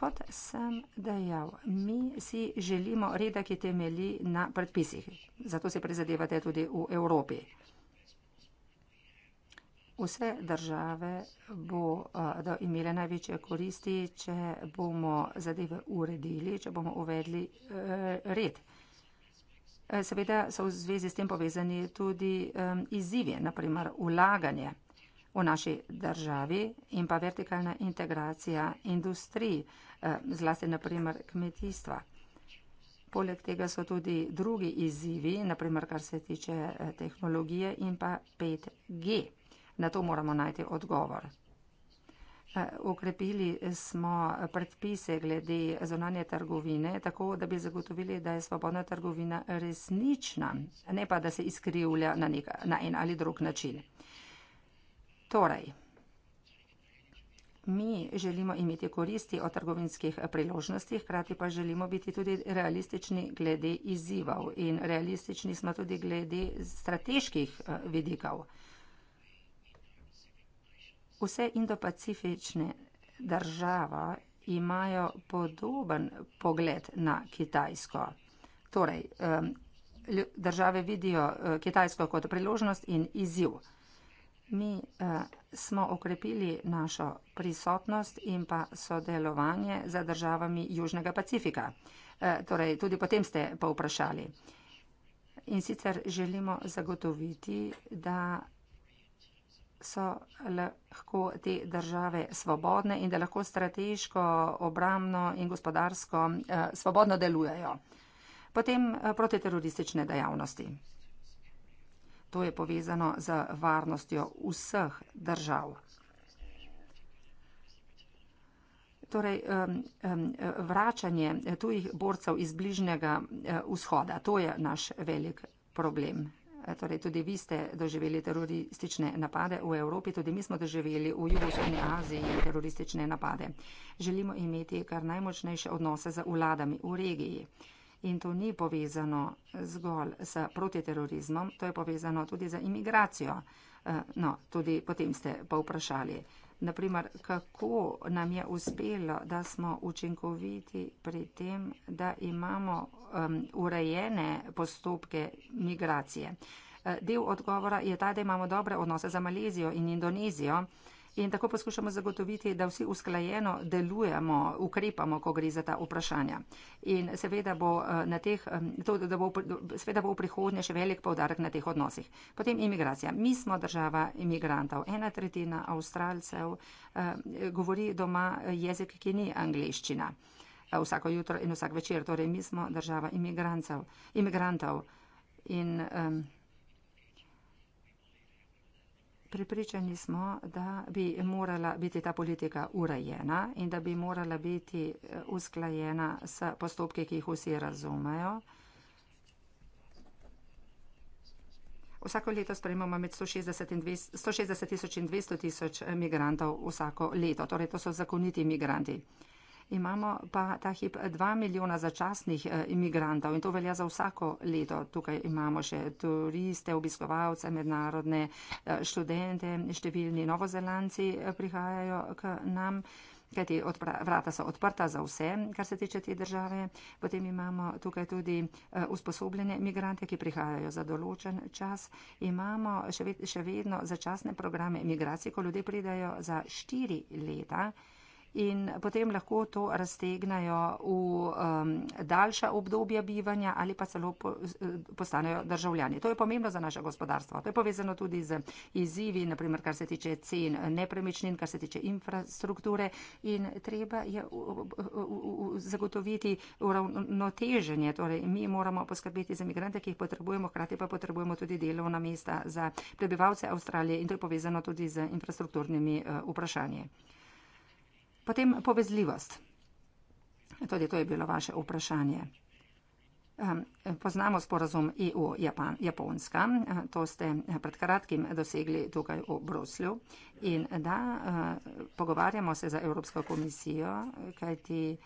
S3: Kot sem dejal, mi si želimo reda, ki temelji na predpisih. Zato se prizadevate tudi v Evropi vse države bo da imele največje koristi, če bomo zadeve uredili, če bomo uvedli e, red. E, seveda so v zvezi s tem povezani tudi e, izzivi, naprimer ulaganje v naši državi in pa vertikalna integracija industrij, zlasti naprimer kmetijstva. Poleg tega so tudi drugi izzivi, naprimer kar se tiče tehnologije in pa 5G. Na to moramo najti odgovor. Ukrepili e, smo predpise glede zonanje trgovine, tako da bi zagotovili, da je svobodna trgovina resnična, ne pa, da se izkrivlja na, nek, na en ali drug način. Torej, mi želimo imeti koristi o trgovinskih priložnostih, krati pa želimo biti tudi realistični glede izzivov in realistični smo tudi glede strateških e, vidikov. Vse indopacifične država imajo podoben pogled na Kitajsko. Torej, države vidijo eh, Kitajsko kot priložnost in izziv. Mi eh, smo okrepili našo prisotnost in pa sodelovanje za državami Južnega Pacifika. Eh, torej, tudi potem ste pa vprašali. In sicer želimo zagotoviti, da so lahko te države svobodne in da lahko strateško, obramno in gospodarsko eh, svobodno delujejo. Potem eh, protiteroristične dejavnosti. To je povezano z varnostjo vseh držav. Torej, vračanje tujih borcev iz bližnjega eh, vzhoda, to je naš velik problem. Eh, torej tudi vi ste doživeli teroristične napade v Evropi, tudi mi smo doživeli v Jugoslavni Aziji teroristične napade. Želimo imeti kar najmočnejše odnose z vladami v regiji. In to ni povezano zgolj s protiterorizmom, to je povezano tudi z imigracijo. Eh, no, tudi potem ste pa vprašali naprimer, kako nam je uspelo, da smo učinkoviti pri tem, da imamo um, urejene postopke migracije. Uh, del odgovora je ta, da imamo dobre odnose za Malezijo in Indonezijo. In tako poskušamo zagotoviti, da vsi usklajeno delujemo, ukrepamo, ko gre za ta vprašanja. In seveda bo, eh, teh, eh, to, bo, seveda bo v prihodnje še velik povdarek na teh odnosih. Potem imigracija. Mi smo država imigrantov. Ena tretjina avstralcev eh, govori doma jezik, ki ni angliščina. Eh, vsako jutro in vsak večer. Torej, mi smo država imigrantov. In, eh, Pripričani smo, da bi morala biti ta politika urejena in da bi morala biti eh, usklajena s postopki, ki jih vsi razumejo. Vsako leto sprejmemo med 160 tisoč in 200 tisoč eh, migrantov vsako leto, torej to so zakoniti migranti. Imamo pa ta hip 2 milijona začasnih eh, imigrantov in to velja za vsako leto. Tukaj imamo še turiste, obiskovalce, mednarodne eh, študente, številni novozelanci eh, prihajajo k nam. Kajti vrata so odprta za vse, kar se tiče te države. Potem imamo tukaj tudi usposobljene migrante, ki prihajajo za določen čas. Imamo še vedno začasne programe migracij, ko ljudje pridajo za štiri leta in potem lahko to raztegnajo v um, daljša obdobja bivanja ali pa celo po, postanejo državljani. To je pomembno za naše gospodarstvo. To je povezano tudi z izzivi, naprimer, kar se tiče cen nepremičnin, kar se tiče infrastrukture in treba je u, u, u, u, zagotoviti uravnoteženje. Torej, mi moramo poskrbeti za imigrante, ki jih potrebujemo, hkrati pa potrebujemo tudi delovna mesta za prebivalce Avstralije in to je povezano tudi z infrastrukturnimi uh, vprašanji. Potem povezljivost. Tudi to je bilo vaše vprašanje. Poznamo sporazum EU-Japonska, to ste pred kratkim dosegli tukaj v Bruslju. In da, eh, pogovarjamo se za Evropsko komisijo, kajti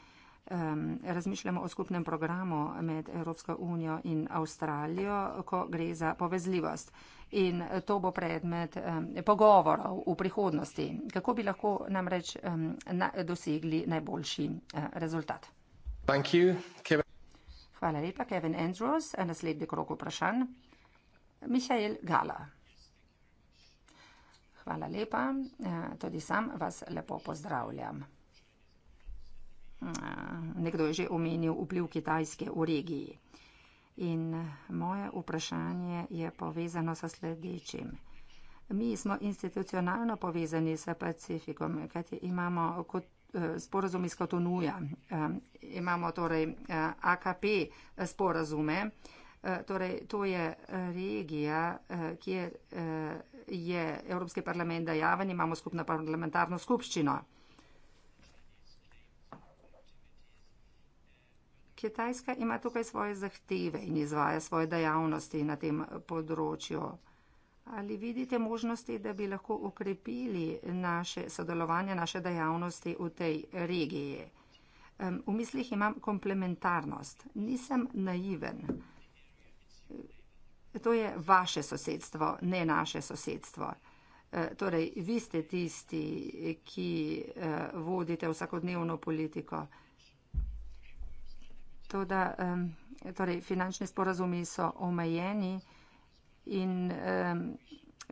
S3: razmišljamo o skupnem programu med Evropsko unijo in Avstralijo, ko gre za povezljivost in eh, to bo predmet um, pogovorov v prihodnosti, kako bi lahko namreč um, na, dosegli najboljši uh, rezultat. You, Hvala lepa, Kevin Andrews. Naslednji krok vprašanj. Mihajl Gala. Hvala lepa, eh, tudi sam vas lepo pozdravljam. Nekdo je že omenil vpliv Kitajske v regiji. In moje vprašanje je povezano s sledečim. Mi smo institucionalno povezani s Pacifikom, kajti imamo kot eh, sporazum iz Kotonuja. Eh, imamo torej eh, AKP sporazume. Torej, to je regija, kjer je Evropski parlament dejaven, imamo skupno parlamentarno skupščino. Kitajska ima tukaj svoje zahteve in izvaja svoje dejavnosti na tem področju. Ali vidite možnosti, da bi lahko ukrepili naše sodelovanje, naše dejavnosti v tej regiji? V mislih imam komplementarnost. Nisem naiven. To je vaše sosedstvo, ne naše sosedstvo. E, torej, vi ste tisti, ki e, vodite vsakodnevno politiko to, da um, torej finančni sporazumi so omejeni in um,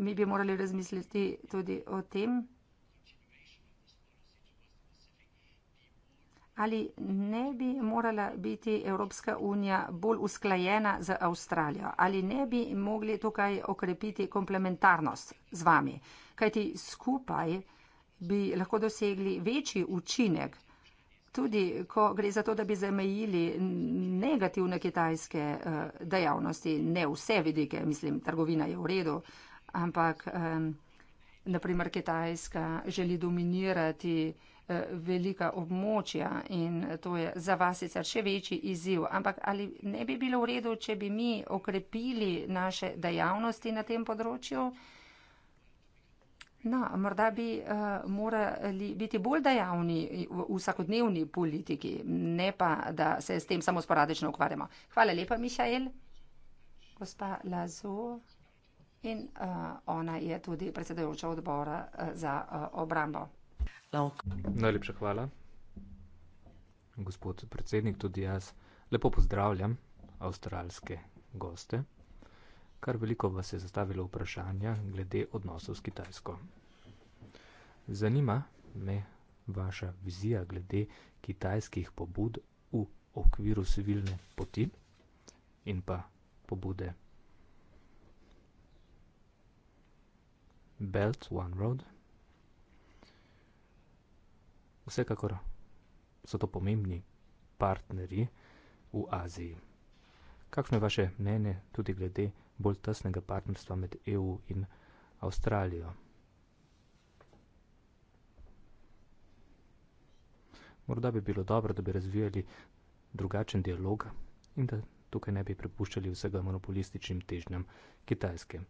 S3: mi bi morali razmisliti tudi o tem, ali ne bi morala biti Evropska unija bolj usklajena z Avstralijo, ali ne bi mogli tukaj okrepiti komplementarnost z vami, kajti skupaj bi lahko dosegli večji učinek tudi ko gre za to, da bi zamejili negativne kitajske eh, dejavnosti, ne vse vidike, mislim, trgovina je v redu, ampak naprimer Kitajska želi dominirati eh, velika območja in to je za vas sicer še večji izziv, ampak ali ne bi bilo v redu, če bi mi okrepili naše dejavnosti na tem področju? No, morda bi uh, morali biti bolj dejavni v vsakodnevni politiki, ne pa, da se s tem samo sporadično ukvarjamo. Hvala lepa, Mišel. Gospa Lazo. In uh, ona je tudi predsedajoča odbora uh, za uh, obrambo.
S4: Najlepša hvala. Gospod predsednik, tudi jaz lepo pozdravljam avstralske goste kar veliko vas je zastavilo vprašanja glede odnosov s Kitajsko. Zanima me vaša vizija glede kitajskih pobud v okviru civilne poti in pa pobude Belt One Road. Vsekakor so to pomembni partnerji v Aziji. Kakšno je vaše mnenje tudi glede bolj tesnega partnerstva med EU in Avstralijo? Morda bi bilo dobro, da bi razvijali drugačen dialog in da tukaj ne bi prepuščali vsega monopolističnim težnjam Kitajske.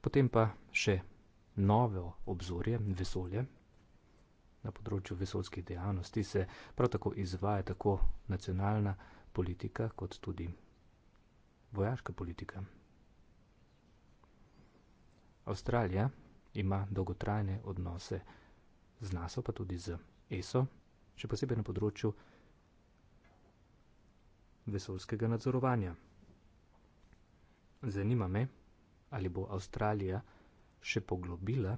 S4: Potem pa še nove obzorje, vesolje. Na področju vesolskih dejavnosti se prav tako izvaja tako nacionalna politika kot tudi vojaška politika. Avstralija ima dolgotrajne odnose z NASO, pa tudi z ESO, še posebej na področju vesolskega nadzorovanja. Zanima me, ali bo Avstralija še poglobila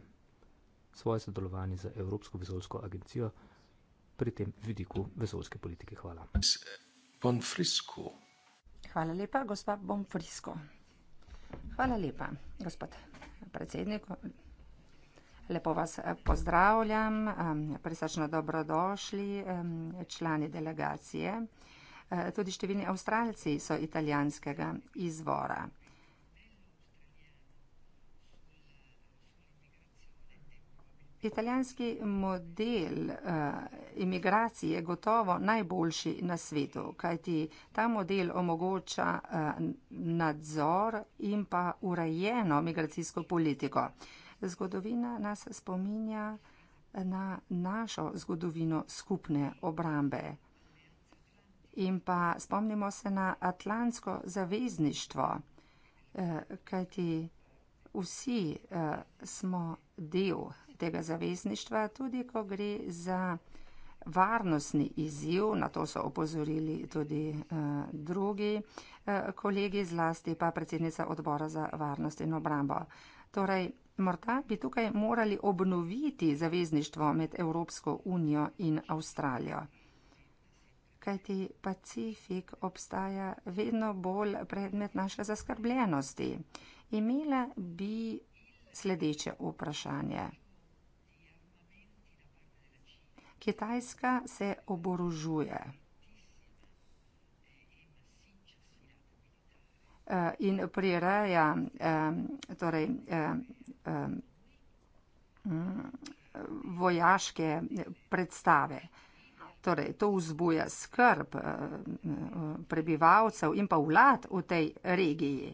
S4: svoje sodelovanje z Evropsko vesolsko agencijo pri tem vidiku vesolske politike. Hvala.
S1: Bon frisco.
S3: Hvala lepa, gospa Bonfrisko. Hvala lepa, gospod predsednik. Lepo vas eh, pozdravljam, presrečno dobrodošli člani delegacije. Eh, tudi številni avstralci so italijanskega izvora. Italijanski model uh, eh, imigracije je gotovo najboljši na svetu, kajti ta model omogoča uh, nadzor in pa urejeno migracijsko politiko. Zgodovina nas spominja eh, na našo zgodovino skupne obrambe. In pa spomnimo se na Atlantsko zavezništvo, eh, kajti vsi eh, smo del tega zavezništva, tudi ko gre za varnostni izziv, na to so opozorili tudi uh, drugi uh, kolegi, zlasti pa predsednica odbora za varnost in obrambo. Torej, morda bi tukaj morali obnoviti zavezništvo med Evropsko unijo in Avstralijo. Kajti Pacifik obstaja vedno bolj predmet naše zaskrbljenosti. Imela bi sledeče vprašanje. Kitajska se oborožuje. Eh, in prireja torej, mm, vojaške predstave. Torej, to vzbuja skrb eh, mm, prebivalcev in pa vlad v tej regiji.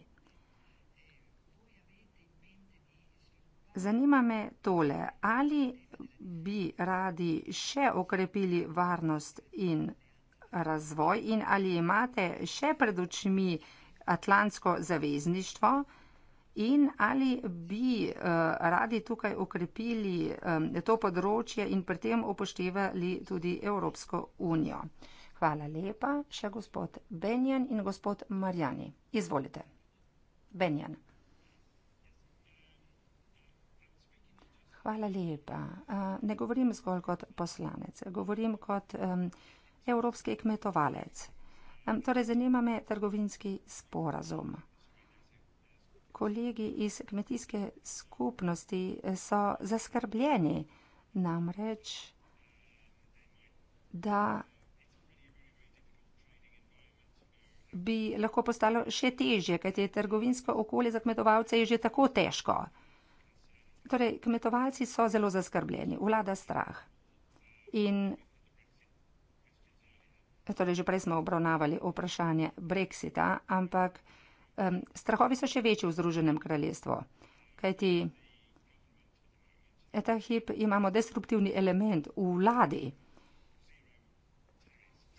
S3: Zanima me tole, ali bi radi še okrepili varnost in razvoj in ali imate še pred očmi Atlantsko zavezništvo in ali bi uh, radi tukaj okrepili um, to področje in pri tem upoštevali tudi Evropsko unijo. Hvala lepa še gospod Benjan in gospod Marjani. Izvolite. Benjan. Hvala lepa. Ne govorim zgolj kot poslanec, govorim kot um, evropski kmetovalec. Um, torej, zanima me trgovinski sporazum. Kolegi iz kmetijske skupnosti eh, so zaskrbljeni namreč, da bi lahko postalo še težje, kajti trgovinsko okolje za kmetovalce je že tako težko torej, kmetovalci so zelo zaskrbljeni, vlada strah. In torej, že prej smo obravnavali vprašanje Brexita, ampak um, strahovi so še večji v Združenem kraljestvu, kajti e, ta hip imamo destruktivni element v vladi.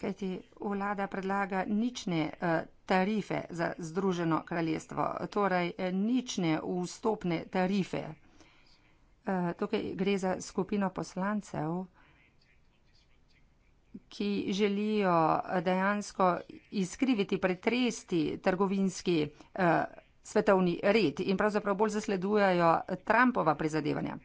S3: Kajti vlada predlaga nične e, tarife za Združeno kraljestvo, torej e, nične vstopne tarife tukaj gre za skupino poslancev, ki želijo dejansko izkriviti, pretresti trgovinski eh, svetovni red in pravzaprav bolj zasledujejo Trumpova prizadevanja.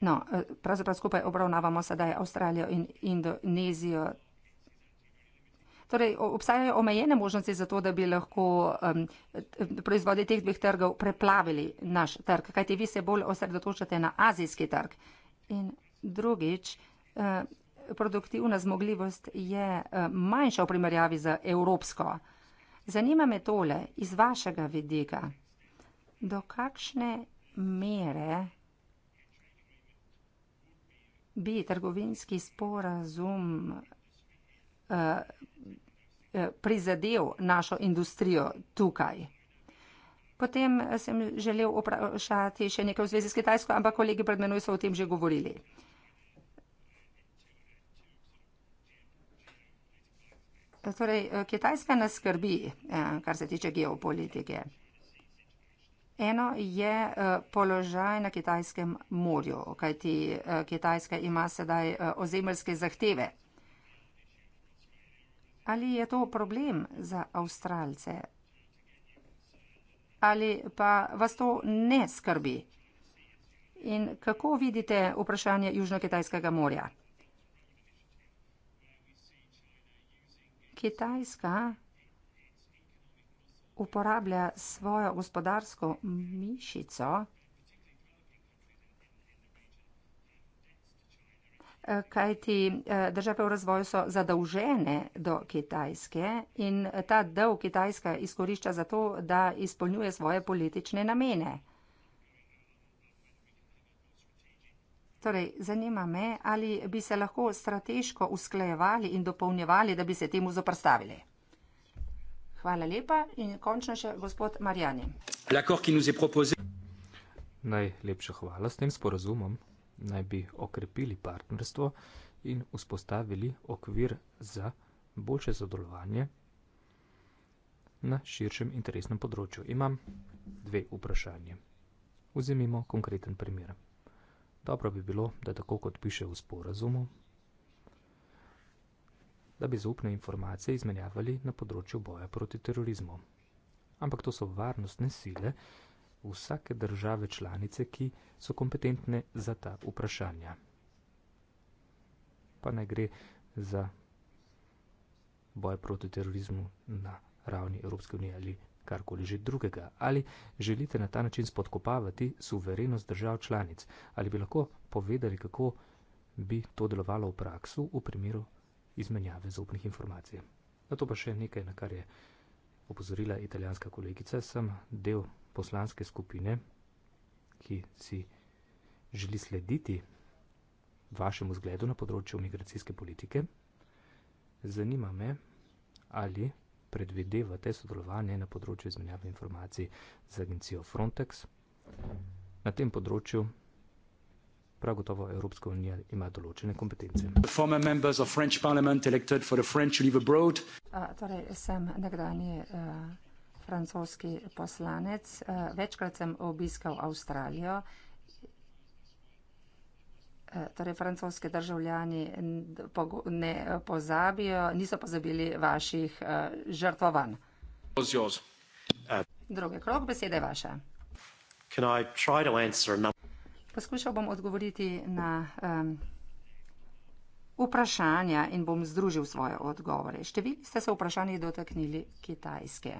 S3: No, eh, pravzaprav skupaj obravnavamo sedaj Avstralijo in Indonezijo. Torej, obstajajo omejene možnosti za to, da bi lahko um, proizvode teh dveh trgov preplavili naš trg, kajti vi se bolj osredotočate na azijski trg. In drugič, uh, produktivna zmogljivost je uh, manjša v primerjavi z evropsko. Zanima me tole iz vašega vidika, do kakšne mere bi trgovinski sporazum Eh, eh, prizadel našo industrijo tukaj. Potem sem želel vprašati še nekaj v zvezi s Kitajsko, ampak kolegi pred menoj so o tem že govorili. Torej, eh, Kitajska nas skrbi, kar se tiče geopolitike. Eno je položaj na Kitajskem morju, kajti Kitajska ima sedaj ozemeljske zahteve. Ali je to problem za Avstralce? Ali pa vas to ne skrbi? In kako vidite vprašanje Južno-Kitajskega morja? Kitajska uporablja svojo gospodarsko mišico Eh, kajti eh, države v razvoju so zadolžene do Kitajske in eh, ta dolg Kitajska izkorišča za to, da izpolnjuje svoje politične namene. Torej, zanima me, ali bi se lahko strateško usklajevali in dopolnjevali, da bi se temu zoprstavili. Hvala lepa in končno še gospod Marjani.
S4: Najlepša hvala s tem sporazumom naj bi okrepili partnerstvo in vzpostavili okvir za boljše sodelovanje na širšem interesnem področju. Imam dve vprašanje. Vzemimo konkreten primer. Dobro bi bilo, da tako kot piše v sporazumu, da bi zaupne informacije izmenjavali na področju boja proti terorizmu. Ampak to so varnostne sile, ki vsake države članice, ki so kompetentne za ta vprašanja. Pa naj gre za boj proti terorizmu na ravni Evropske unije ali karkoli že drugega. Ali želite na ta način spodkopavati suverenost držav članic? Ali bi lahko povedali, kako bi to delovalo v praksu v primeru izmenjave zaupnih informacij? Na to pa še nekaj, na kar je opozorila italijanska kolegica, sem del poslanske skupine, ki si želi slediti vašemu zgledu na področju migracijske politike. Zanima me, ali predvidevate sodelovanje na področju izmenjave informacij z agencijo Frontex. Na tem področju prav gotovo Evropska unija ima določene kompetence.
S3: Torej, sem nekdani uh, eh, francoski poslanec, uh, večkrat sem obiskal Avstralijo. Eh, torej, francoske državljani ne pozabijo, niso pozabili vaših uh, žrtvovanj.
S1: Uh,
S3: Drugi krok, beseda je vaša.
S2: Number...
S3: Poskušal bom odgovoriti na um, vprašanja in bom združil svoje odgovore. Številni ste se vprašanji dotaknili Kitajske.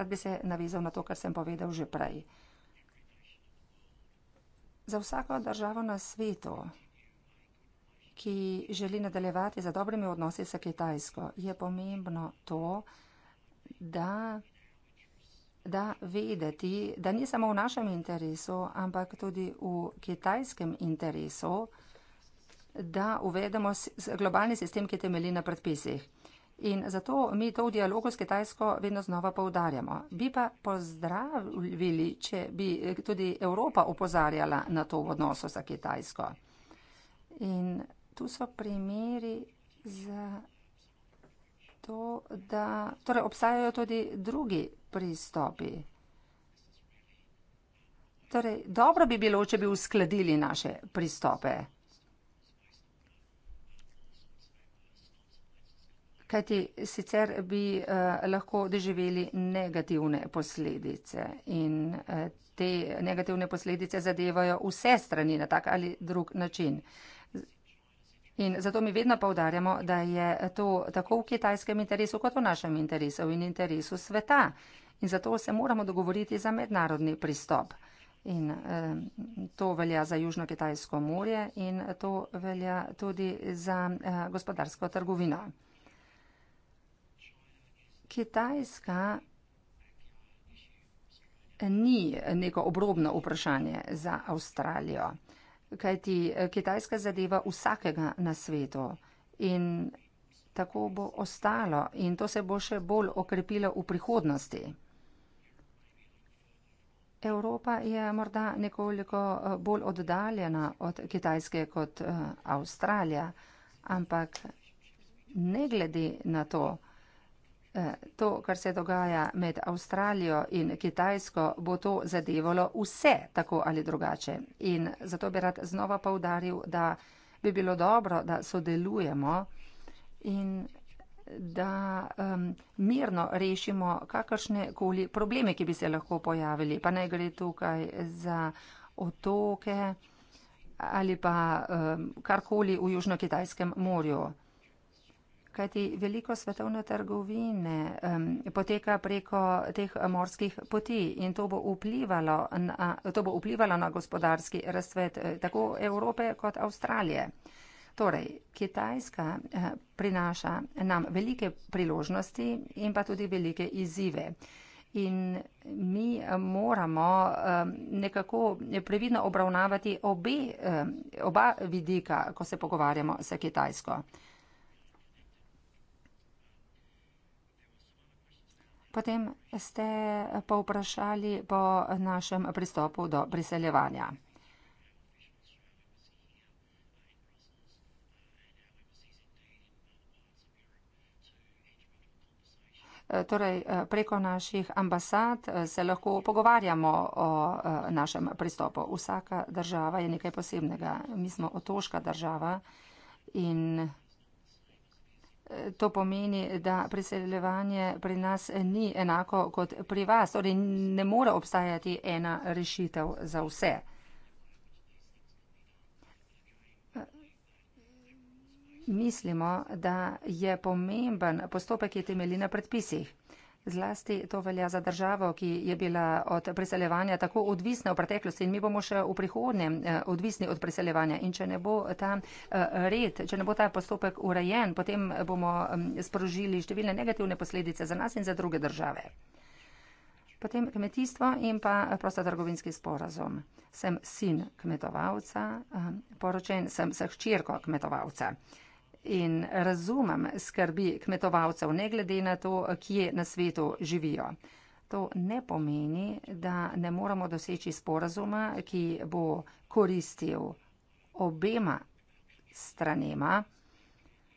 S3: Rad bi se navezal na to, kar sem povedal že prej. Za vsako državo na svetu, ki želi nadaljevati za dobrimi odnosi s Kitajsko, je pomembno to, da da vedeti, da ni samo v našem interesu, ampak tudi v kitajskem interesu, da uvedemo globalni sistem, ki temelji na predpisih. In zato mi to v dialogu s Kitajsko vedno znova poudarjamo. Bi pa pozdravili, če bi eh, tudi Evropa upozarjala na to v odnosu sa Kitajsko. In tu so primeri za to, da torej obstajajo tudi drugi pristopi. Torej, dobro bi bilo, če bi uskladili naše pristope. Kajti sicer bi eh, lahko doživeli negativne posledice in eh, te negativne posledice zadevajo vse strani na tak ali drug način. In zato mi vedno povdarjamo, da je to tako v kitajskem interesu kot v našem interesu in interesu sveta in zato se moramo dogovoriti za mednarodni pristop. In eh, to velja za Južno Kitajsko morje in to velja tudi za eh, gospodarsko trgovino. Kitajska ni neko obrobno vprašanje za Avstralijo, kajti eh, Kitajska zadeva vsakega na svetu in tako bo ostalo in to se bo še bolj okrepilo v prihodnosti. Evropa je morda nekoliko eh, bolj oddaljena od Kitajske kot eh, Avstralija, ampak ne glede na to, eh, to, kar se dogaja med Avstralijo in Kitajsko, bo to zadevalo vse tako ali drugače. In zato bi rad znova povdaril, da bi bilo dobro, da sodelujemo in da um, mirno rešimo kakršne koli probleme, ki bi se lahko pojavili. Pa naj gre tukaj za otoke ali pa um, karkoli v Južno-Kitajskem morju. Kajti veliko svetovne trgovine um, poteka preko teh morskih poti in to bo vplivalo na, to bo vplivalo na gospodarski razcvet eh, tako Evrope kot Avstralije. Torej, Kitajska eh, prinaša nam velike priložnosti in pa tudi velike izzive. In mi eh, moramo eh, nekako previdno obravnavati obe, oba vidika, ko se pogovarjamo s Kitajsko. Potem ste pa vprašali po našem pristopu do priseljevanja. Eh, torej eh, preko naših ambasad eh, se lahko pogovarjamo o našem pristopu. Vsaka država je nekaj posebnega. Mi smo otoška država in to pomeni, da priseljevanje pri nas ni enako kot pri vas. Torej ne more obstajati ena rešitev za vse. mislimo, da je pomemben postopek, ki je temeljil na predpisih. Zlasti to velja za državo, ki je bila od priseljevanja tako odvisna v preteklosti in mi bomo še v prihodnje eh, odvisni od priseljevanja. In če ne bo ta eh, red, če ne bo ta postopek urejen, potem bomo mm, sprožili številne negativne posledice za nas in za druge države. Potem kmetijstvo in pa prostotrgovinski sporazum. Sem sin kmetovalca, eh, poročen sem s hčirko kmetovalca in razumem skrbi kmetovalcev, ne glede na to, kje na svetu živijo. To ne pomeni, da ne moramo doseči sporazuma, ki bo koristil obema stranema,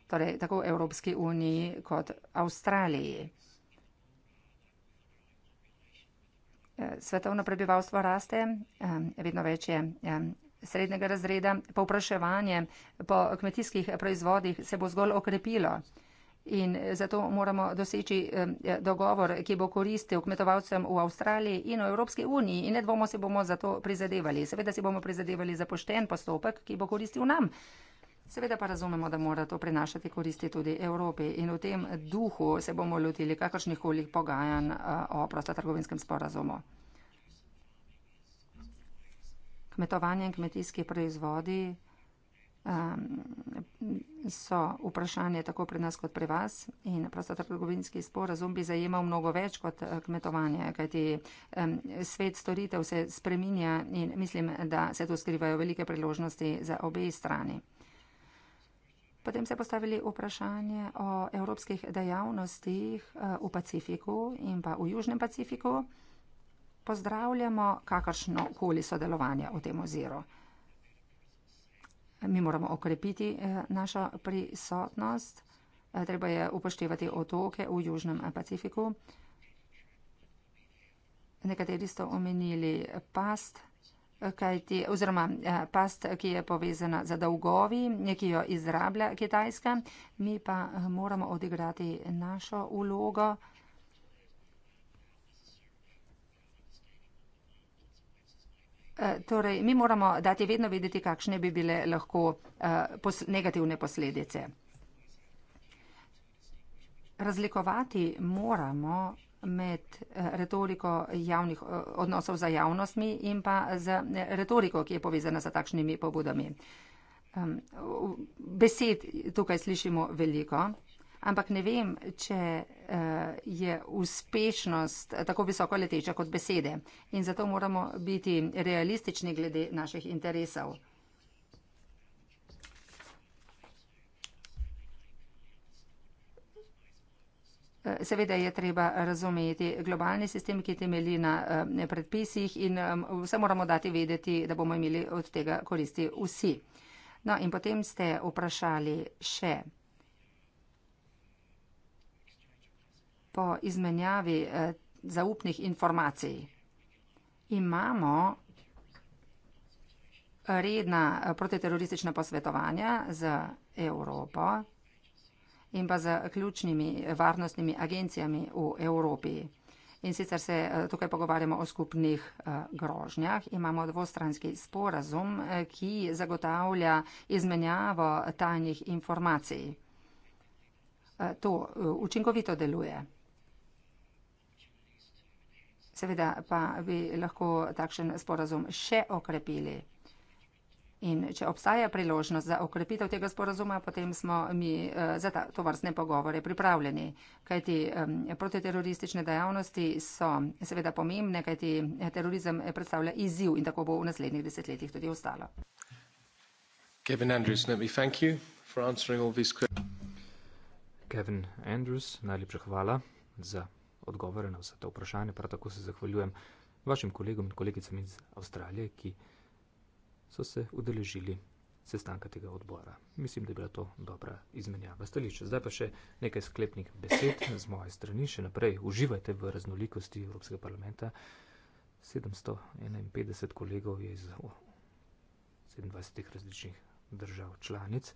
S3: torej tako Evropski uniji kot Avstraliji. Svetovno prebivalstvo raste, vedno več je srednjega razreda, povpraševanje po kmetijskih proizvodih se bo zgolj okrepilo. In zato moramo doseči dogovor, ki bo koristil kmetovalcem v Avstraliji in v Evropski uniji. In ne dvomo si bomo za to prizadevali. Seveda si bomo prizadevali za pošten postopek, ki bo koristil nam. Seveda pa razumemo, da mora to prenašati koristi tudi Evropi. In v tem duhu se bomo lotili kakršnih koli pogajanj o prostotrgovinskem sporazumu kmetovanje in kmetijski proizvodi um, so vprašanje tako pri nas kot pri vas in prostotrgovinski sporazum bi zajemal mnogo več kot eh, kmetovanje, kajti um, svet storitev se spreminja in mislim, da se tu skrivajo velike priložnosti za obe strani. Potem se postavili vprašanje o evropskih dejavnostih eh, v Pacifiku in pa v Južnem Pacifiku pozdravljamo kakršno koli sodelovanje v tem oziru. Mi moramo okrepiti eh, našo prisotnost, eh, treba je upoštevati otoke v Južnem Pacifiku. Nekateri ste omenili past, eh, ti, oziroma past, ki je povezana za dolgovi, ki jo izrablja Kitajska. Mi pa moramo odigrati našo ulogo. Eh, torej, mi moramo dati vedno vedeti, kakšne bi bile lahko eh, pos negativne posledice. Razlikovati moramo med eh, retoriko javnih odnosov za javnostmi in pa z retoriko, ki je povezana za takšnimi pobudami. Ehm, besed tukaj slišimo veliko ampak ne vem, če uh, je uspešnost eh, tako visoko leteča kot besede. In zato moramo biti realistični glede naših interesov. Eh, seveda je treba razumeti globalni sistem, ki temelji na predpisih in vse moramo dati vedeti, da bomo imeli od tega koristi vsi. No in potem ste vprašali še, po izmenjavi eh, zaupnih informacij. Imamo redna eh, protiteroristična posvetovanja z Evropo in pa z ključnimi varnostnimi agencijami v Evropi. In sicer se eh, tukaj pogovarjamo o skupnih eh, grožnjah. Imamo dvostranski sporazum, ki zagotavlja izmenjavo tajnih informacij. To učinkovito deluje. Seveda pa bi lahko takšen sporazum še okrepili. In če obstaja priložnost za okrepitev tega sporazuma, potem smo mi eh, za ta, to vrstne pogovore pripravljeni. Kajti um, protiteroristične dejavnosti so seveda pomembne, kajti eh, terorizem eh, predstavlja izziv in tako bo v naslednjih desetletjih tudi ostalo.
S1: Kevin Andrews,
S4: Kevin Andrews najlepša hvala za odgovore na vse te vprašanja. Prav tako se zahvaljujem vašim kolegom in kolegicam iz Avstralije, ki so se udeležili sestanka tega odbora. Mislim, da je bila to dobra izmenjava stališča. Zdaj pa še nekaj sklepnih besed z moje strani. Še naprej uživajte v raznolikosti Evropskega parlamenta. 751 kolegov je iz 27 različnih držav članic.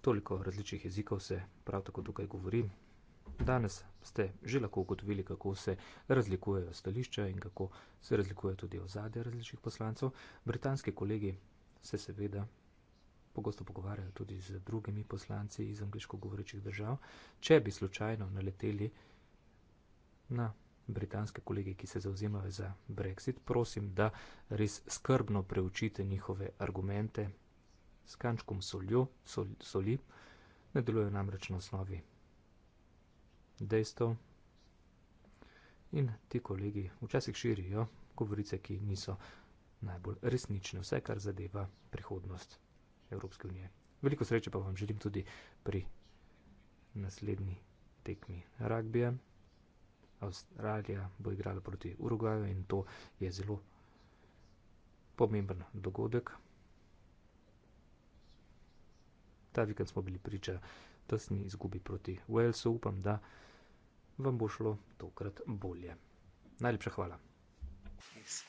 S4: Toliko različnih jezikov se prav tako tukaj govori. Danes ste že lahko ugotovili, kako se razlikujejo stališča in kako se razlikuje tudi ozadje različnih poslancev. Britanski kolegi se seveda pogosto pogovarjajo tudi z drugimi poslanci iz angliško govorečih držav. Če bi slučajno naleteli na britanske kolege, ki se zauzemajo za Brexit, prosim, da res skrbno preučite njihove argumente s kančkom soljo, sol, soli. Ne delujejo namreč na osnovi dejstvo. In ti kolegi včasih širijo govorice, ki niso najbolj resnične, vse kar zadeva prihodnost Evropske unije. Veliko sreče pa vam želim tudi pri naslednji tekmi ragbije. Avstralija bo igrala proti Urugvaju in to je zelo pomemben dogodek. Ta vikend smo bili priča tesni izgubi proti Walesu. Upam, da vam bo šlo tokrat bolje. Najlepša hvala. Yes.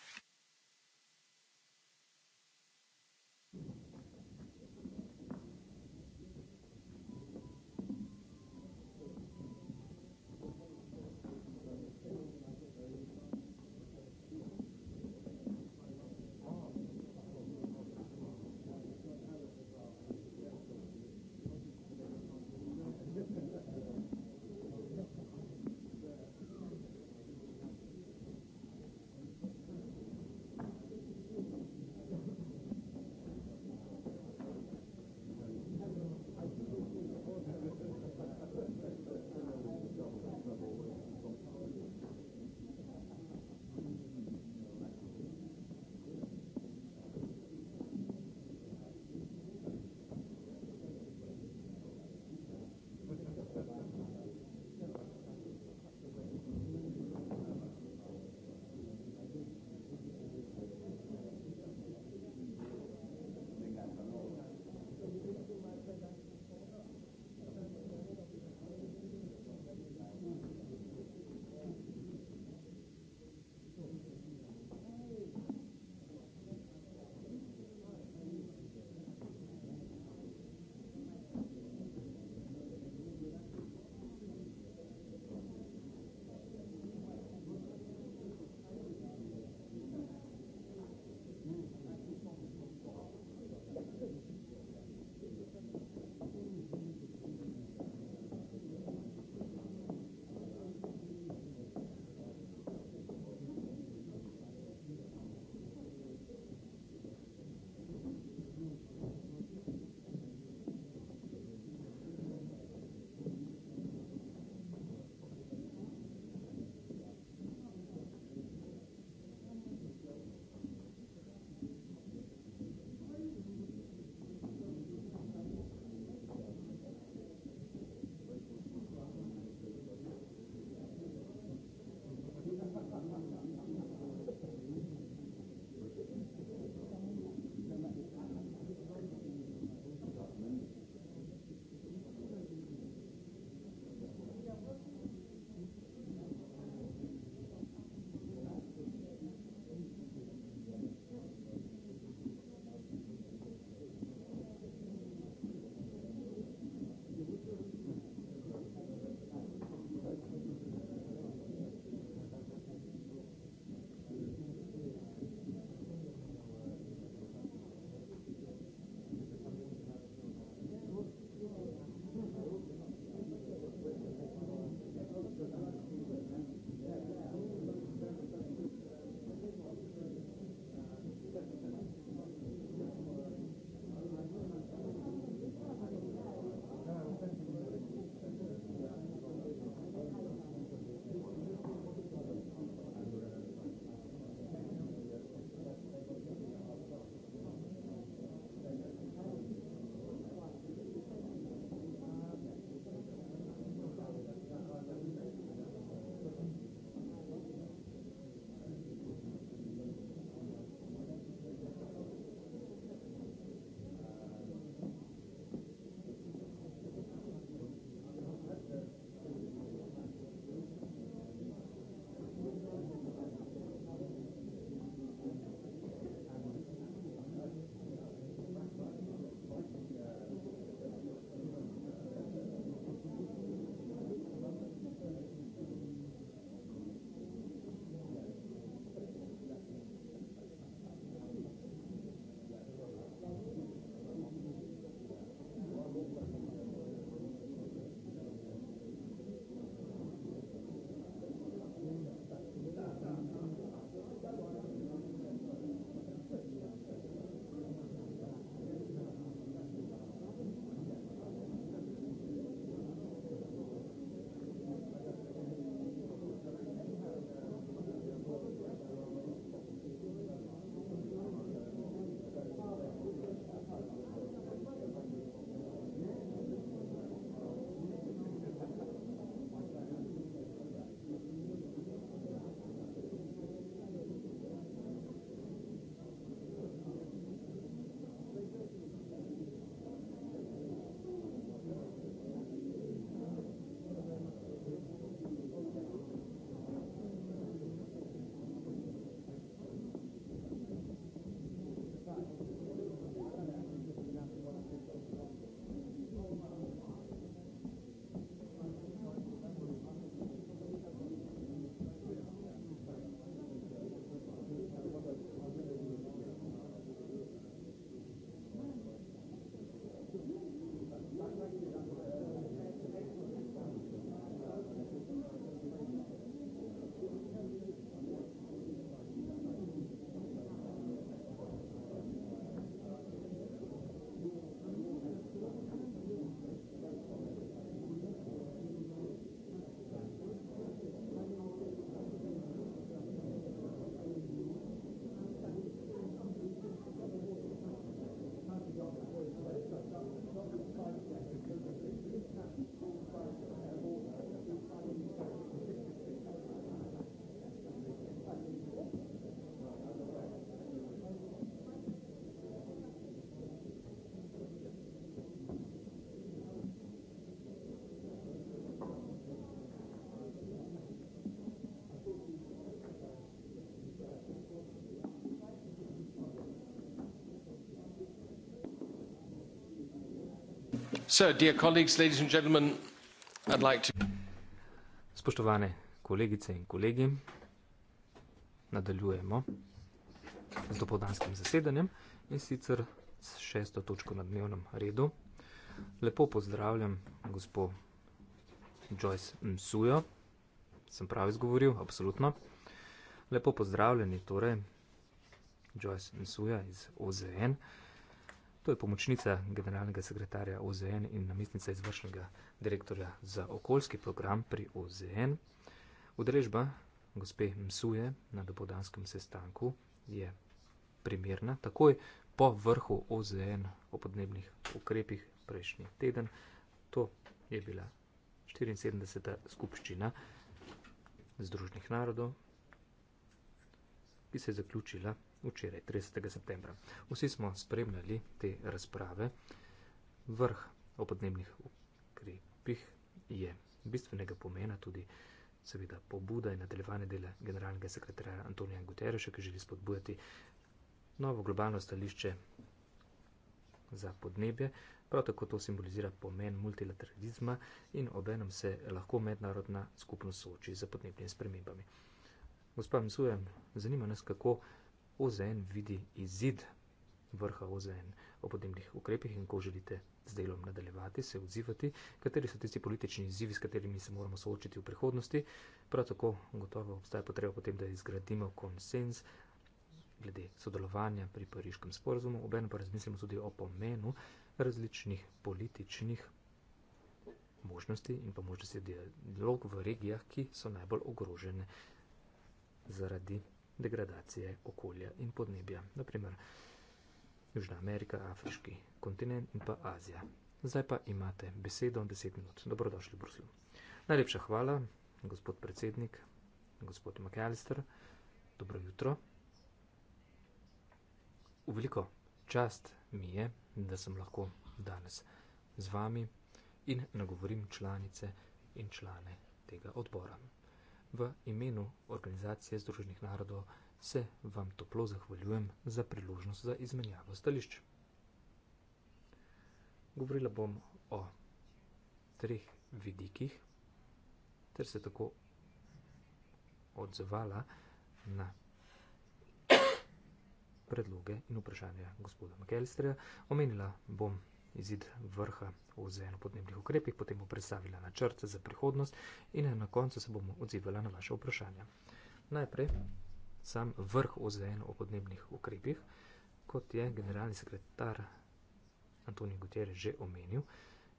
S4: Spoštovane kolegice in kolegi, nadaljujemo z dopoldanskim zasedanjem in sicer s šesto točko na dnevnem redu. Lepo pozdravljam gospo Joyce Msujo, sem prav izgovoril, absolutno. Lepo pozdravljeni torej Joyce Msuja iz OZN. Uh, To je pomočnica generalnega sekretarja OZN in namestnica izvršnega direktorja za okoljski program pri OZN. Udeležba gospe Msuje na dopodanskem sestanku je primerna. Takoj po vrhu OZN o podnebnih ukrepih prejšnji teden, to je bila 74. skupščina Združenih narodov, ki se je zaključila včeraj, 30. septembra. Vsi smo spremljali te razprave. Vrh o podnebnih ukrepih je bistvenega pomena tudi seveda pobuda in nadaljevanje dela generalnega sekretarja Antonija Guterreša, ki želi spodbujati novo globalno stališče za podnebje. Prav tako to simbolizira pomen multilateralizma in obenem se lahko mednarodna skupnost sooči z podnebnimi spremembami. Gospa Misujem, zanima nas, kako OZN vidi izid vrha OZN o podnebnih ukrepih in ko želite z delom nadaljevati, se odzivati, kateri so tisti politični izzivi, s katerimi se moramo soočiti v prihodnosti. Prav tako gotovo obstaja potreba potem, da izgradimo konsens glede sodelovanja pri pariškem sporazumu, obenem pa razmislimo tudi o pomenu različnih političnih možnosti in pa možnosti dialog v regijah, ki so najbolj ogrožene zaradi degradacije okolja in podnebja, naprimer Južna Amerika, Afriški kontinent in pa Azija. Zdaj pa imate besedo 10 minut. Dobrodošli v Bruslju. Najlepša hvala, gospod predsednik, gospod McAllister. Dobro jutro. V veliko čast mi je, da sem lahko danes z vami in nagovorim članice in člane tega odbora v imenu Organizacije združenih narodov se vam toplo zahvaljujem za priložnost za izmenjavo stališč. Govorila bom o treh vidikih, ter se tako odzvala na predloge in vprašanja gospoda Mekelstra. Omenila bom izid vrha v ZN podnebnih ukrepih, potem bo predstavila načrt za prihodnost in na koncu se bomo odzivala na vaše vprašanja. Najprej sam vrh v ZN o podnebnih ukrepih, kot je generalni sekretar Antoni Guterres že omenil,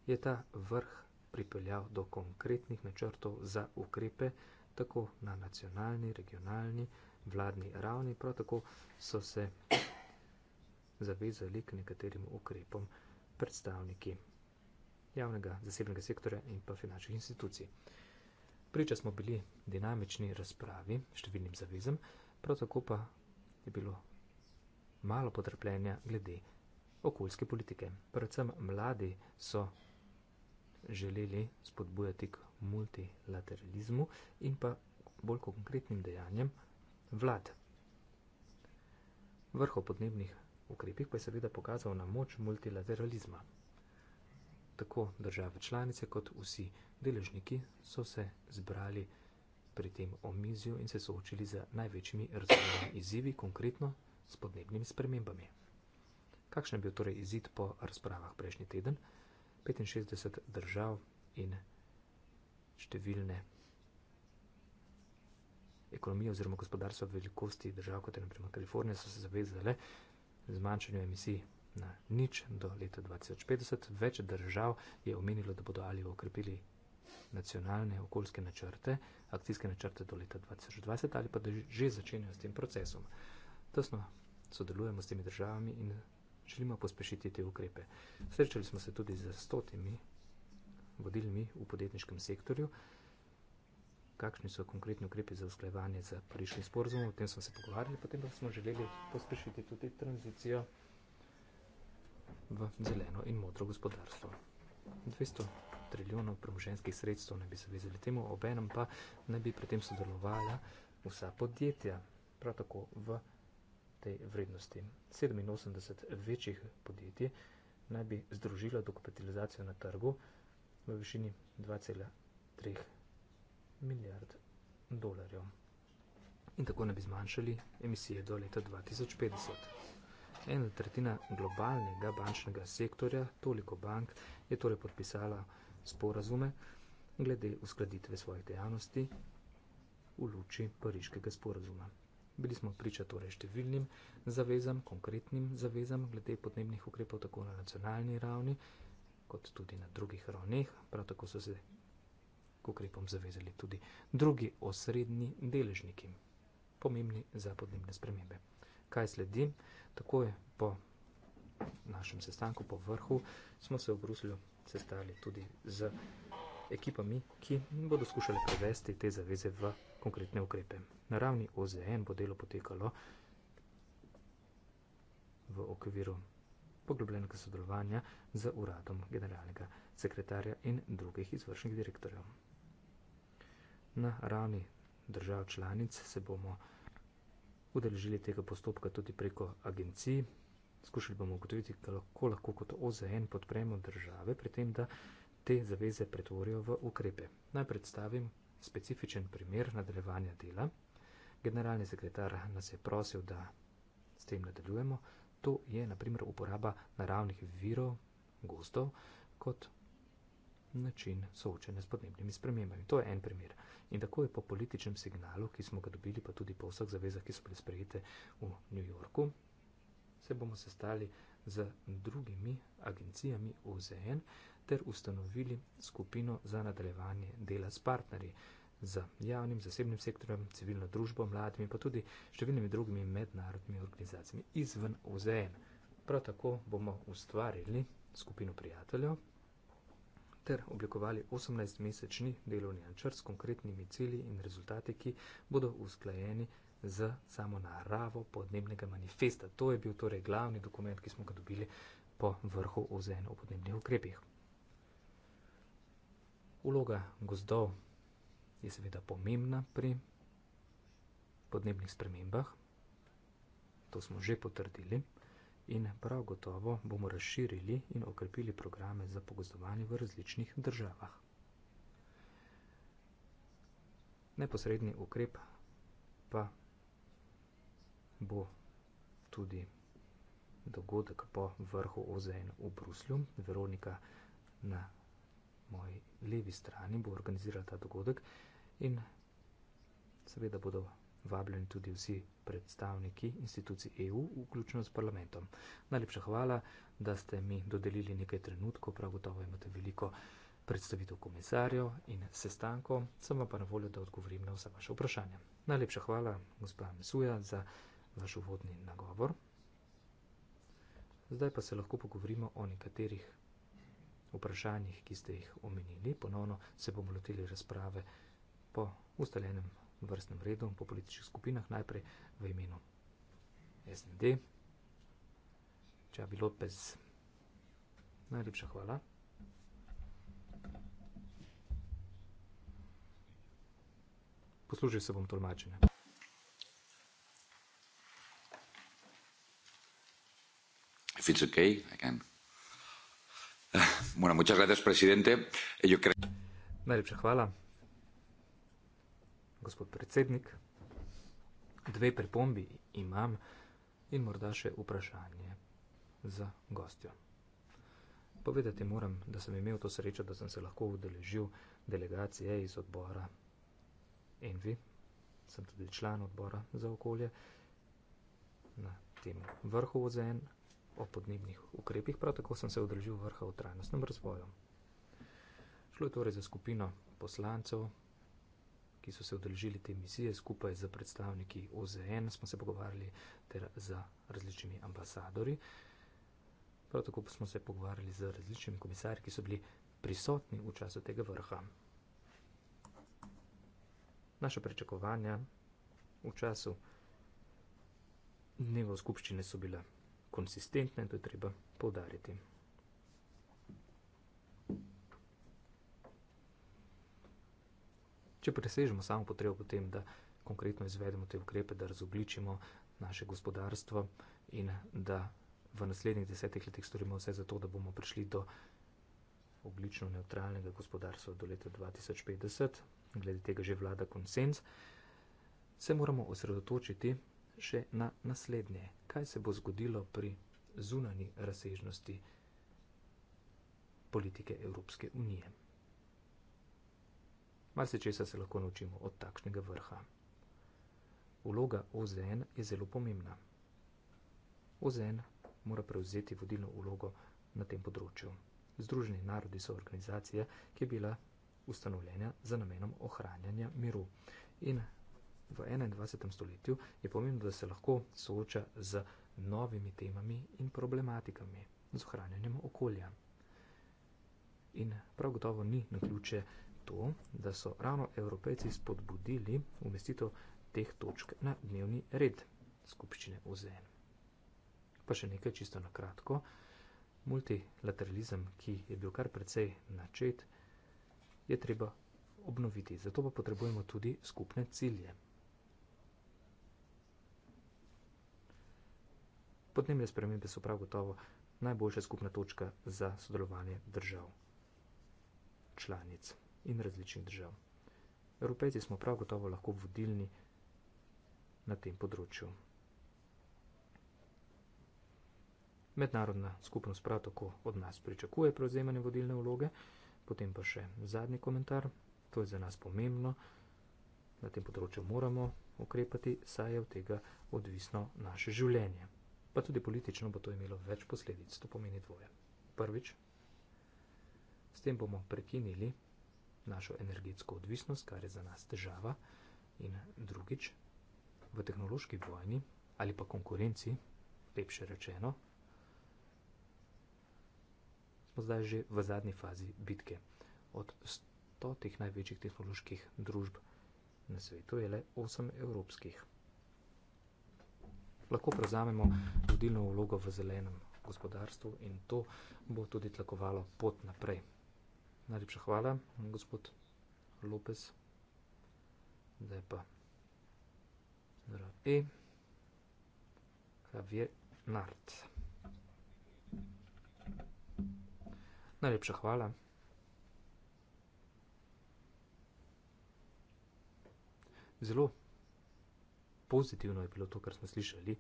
S4: je ta vrh pripeljal do konkretnih načrtov za ukrepe tako na nacionalni, regionalni, vladni ravni, prav tako so se zavezali k nekaterim ukrepom predstavniki javnega, zasebnega sektorja in pa finančnih institucij. Priča smo bili dinamični razpravi številnim zavezam, prav tako pa je bilo malo potrpljenja glede okoljske politike. Predvsem mladi so želeli spodbujati k multilateralizmu in pa bolj konkretnim dejanjem vlad. Vrhov podnebnih ukrepih pa je seveda pokazal na moč multilateralizma. Tako države članice kot vsi deležniki so se zbrali pri tem omizju in se soočili z največjimi razvojnimi izzivi, konkretno s podnebnimi spremembami. Kakšen je bil torej izid po razpravah prejšnji teden? 65 držav in številne ekonomije oziroma gospodarstva velikosti držav, kot je naprimer Kalifornija, so se zavezale, zmanjšanju emisij na nič do leta 2050. Več držav je omenilo, da bodo ali okrepili nacionalne okoljske načrte, akcijske načrte do leta 2020 ali pa da že začenjajo s tem procesom. Tesno sodelujemo s temi državami in želimo pospešiti te ukrepe. Srečali smo se tudi z stotimi vodilmi v podjetniškem sektorju kakšni so konkretni ukrepi za usklajevanje za prejšnji sporozum. O tem smo se pogovarjali, potem pa smo želeli pospešiti tudi tranzicijo v zeleno in modro gospodarstvo. 200 trilijonov premoženskih sredstev naj bi se vezali temu, obenem pa naj bi pri tem sodelovala vsa podjetja, prav tako v tej vrednosti. 87 večjih podjetij naj bi združila dokapitalizacijo na trgu v višini 2,3 milijard dolarjev. In tako ne bi zmanjšali emisije do leta 2050. Ena tretjina globalnega bančnega sektorja, toliko bank, je torej podpisala sporazume glede uskladitve svojih dejavnosti v luči pariškega sporazuma. Bili smo priča torej številnim zavezam, konkretnim zavezam glede podnebnih ukrepov tako na nacionalni ravni kot tudi na drugih ravneh. Prav tako so se ukrepom zavezali tudi drugi osrednji deležniki, pomembni za podnebne spremembe. Kaj sledi? Takoj po našem sestanku, po vrhu, smo se v Bruslju sestali tudi z ekipami, ki bodo skušali prevesti te zaveze v konkretne ukrepe. Na ravni OZN bo delo potekalo v okviru poglobljenega sodelovanja z uradom generalnega sekretarja in drugih izvršnih direktorjev na ravni držav članic se bomo udeležili tega postopka tudi preko agencij. Skušali bomo ugotoviti, da lahko, lahko kot OZN podpremo države pri tem, da te zaveze pretvorijo v ukrepe. Naj predstavim specifičen primer nadaljevanja dela. Generalni sekretar nas je prosil, da s tem nadaljujemo. To je naprimer uporaba naravnih virov, gostov, kot način soočanja s podnebnimi spremembami. To je en primer. In tako je po političnem signalu, ki smo ga dobili, pa tudi po vseh zavezah, ki so bile sprejete v New Yorku, se bomo sestali z drugimi agencijami OZN ter ustanovili skupino za nadaljevanje dela s partnerji, z javnim, zasebnim sektorjem, civilno družbo, mladimi, pa tudi številnimi drugimi mednarodnimi organizacijami izven OZN. Prav tako bomo ustvarili skupino prijateljev, ter oblikovali 18-mesečni delovni načrt s konkretnimi cilji in rezultati, ki bodo usklajeni z samo naravo podnebnega manifesta. To je bil torej glavni dokument, ki smo ga dobili po vrhu OZN o podnebnih ukrepih. Uloga gozdov je seveda pomembna pri podnebnih spremembah, to smo že potrdili in prav gotovo bomo razširili in okrepili programe za pogozdovanje v različnih državah. Neposredni ukrep pa bo tudi dogodek po vrhu OZN v Bruslju. Veronika na moji levi strani bo organizirala ta dogodek in seveda bodo vabljeni tudi vsi predstavniki institucij EU, vključno s parlamentom. Najlepša hvala, da ste mi dodelili nekaj trenutkov, prav gotovo imate veliko predstavitev komisarjev in sestankov, sem vam pa na voljo, da odgovorim na vsa vaše vprašanja. Najlepša hvala, gospa Mesuja, za vaš uvodni nagovor. Zdaj pa se lahko pogovorimo o nekaterih vprašanjih, ki ste jih omenili. Ponovno se bomo lotili razprave po ustaljenem v vrstnem redu po političnih skupinah, najprej v imenu SND. Čabi Lopez, najlepša hvala. Poslužil se bom tolmačenja.
S2: If it's okay, I can. Bueno, muchas gracias, presidente. Yo creo...
S4: Najlepša hvala gospod predsednik. Dve pripombi imam in morda še vprašanje za gostjo. Povedati moram, da sem imel to srečo, da sem se lahko udeležil delegacije iz odbora Envi, sem tudi član odbora za okolje na tem vrhu OZN o podnebnih ukrepih, prav tako sem se udeležil vrha o trajnostnem razvoju. Šlo je torej za skupino poslancev, ki so se odeležili te misije, skupaj z predstavniki OZN smo se pogovarjali ter z različnimi ambasadori. Prav tako pa smo se pogovarjali z različnimi komisarji, ki so bili prisotni v času tega vrha. Naše pričakovanja v času dneva skupščine so bila konsistentna in to je treba povdariti. če presežemo samo potrebo potem, da konkretno izvedemo te ukrepe, da razobličimo naše gospodarstvo in da v naslednjih desetih letih storimo vse za to, da bomo prišli do oblično neutralnega gospodarstva do leta 2050, glede tega že vlada konsens, se moramo osredotočiti še na naslednje. Kaj se bo zgodilo pri zunani razsežnosti politike Evropske unije? Mar se česa se lahko naučimo od takšnega vrha. Vloga OZN je zelo pomembna. OZN mora prevzeti vodilno vlogo na tem področju. Združeni narodi so organizacija, ki je bila ustanovljena za namenom ohranjanja miru. In v 21. stoletju je pomembno, da se lahko sooča z novimi temami in problematikami, z ohranjanjem okolja. In prav gotovo ni na ključe to, da so ravno evropejci spodbudili umestitev teh točk na dnevni red skupščine OZN. Pa še nekaj čisto na kratko. Multilateralizem, ki je bil kar precej načet, je treba obnoviti. Zato pa potrebujemo tudi skupne cilje. Podnebne spremembe so prav gotovo najboljša skupna točka za sodelovanje držav članic in različnih držav. Evropejci smo prav gotovo lahko vodilni na tem področju. Mednarodna skupnost prav tako od nas pričakuje prevzemanje vodilne vloge, potem pa še zadnji komentar, to je za nas pomembno, na tem področju moramo ukrepati, saj je od tega odvisno naše življenje. Pa tudi politično bo to imelo več posledic, to pomeni dvoje. Prvič, s tem bomo prekinili našo energetsko odvisnost, kar je za nas težava, in drugič, v tehnološki vojni ali pa konkurenci, lepše rečeno, smo zdaj že v zadnji fazi bitke. Od stotih največjih tehnoloških družb na svetu je le osem evropskih. Lahko prevzamemo vodilno vlogo v zelenem gospodarstvu in to bo tudi tlakovalo pot naprej. Najlepša hvala, gospod Lopez. Zdaj pa zdravi. E. Javier Nart. Najlepša hvala. Zelo pozitivno je bilo to, kar smo slišali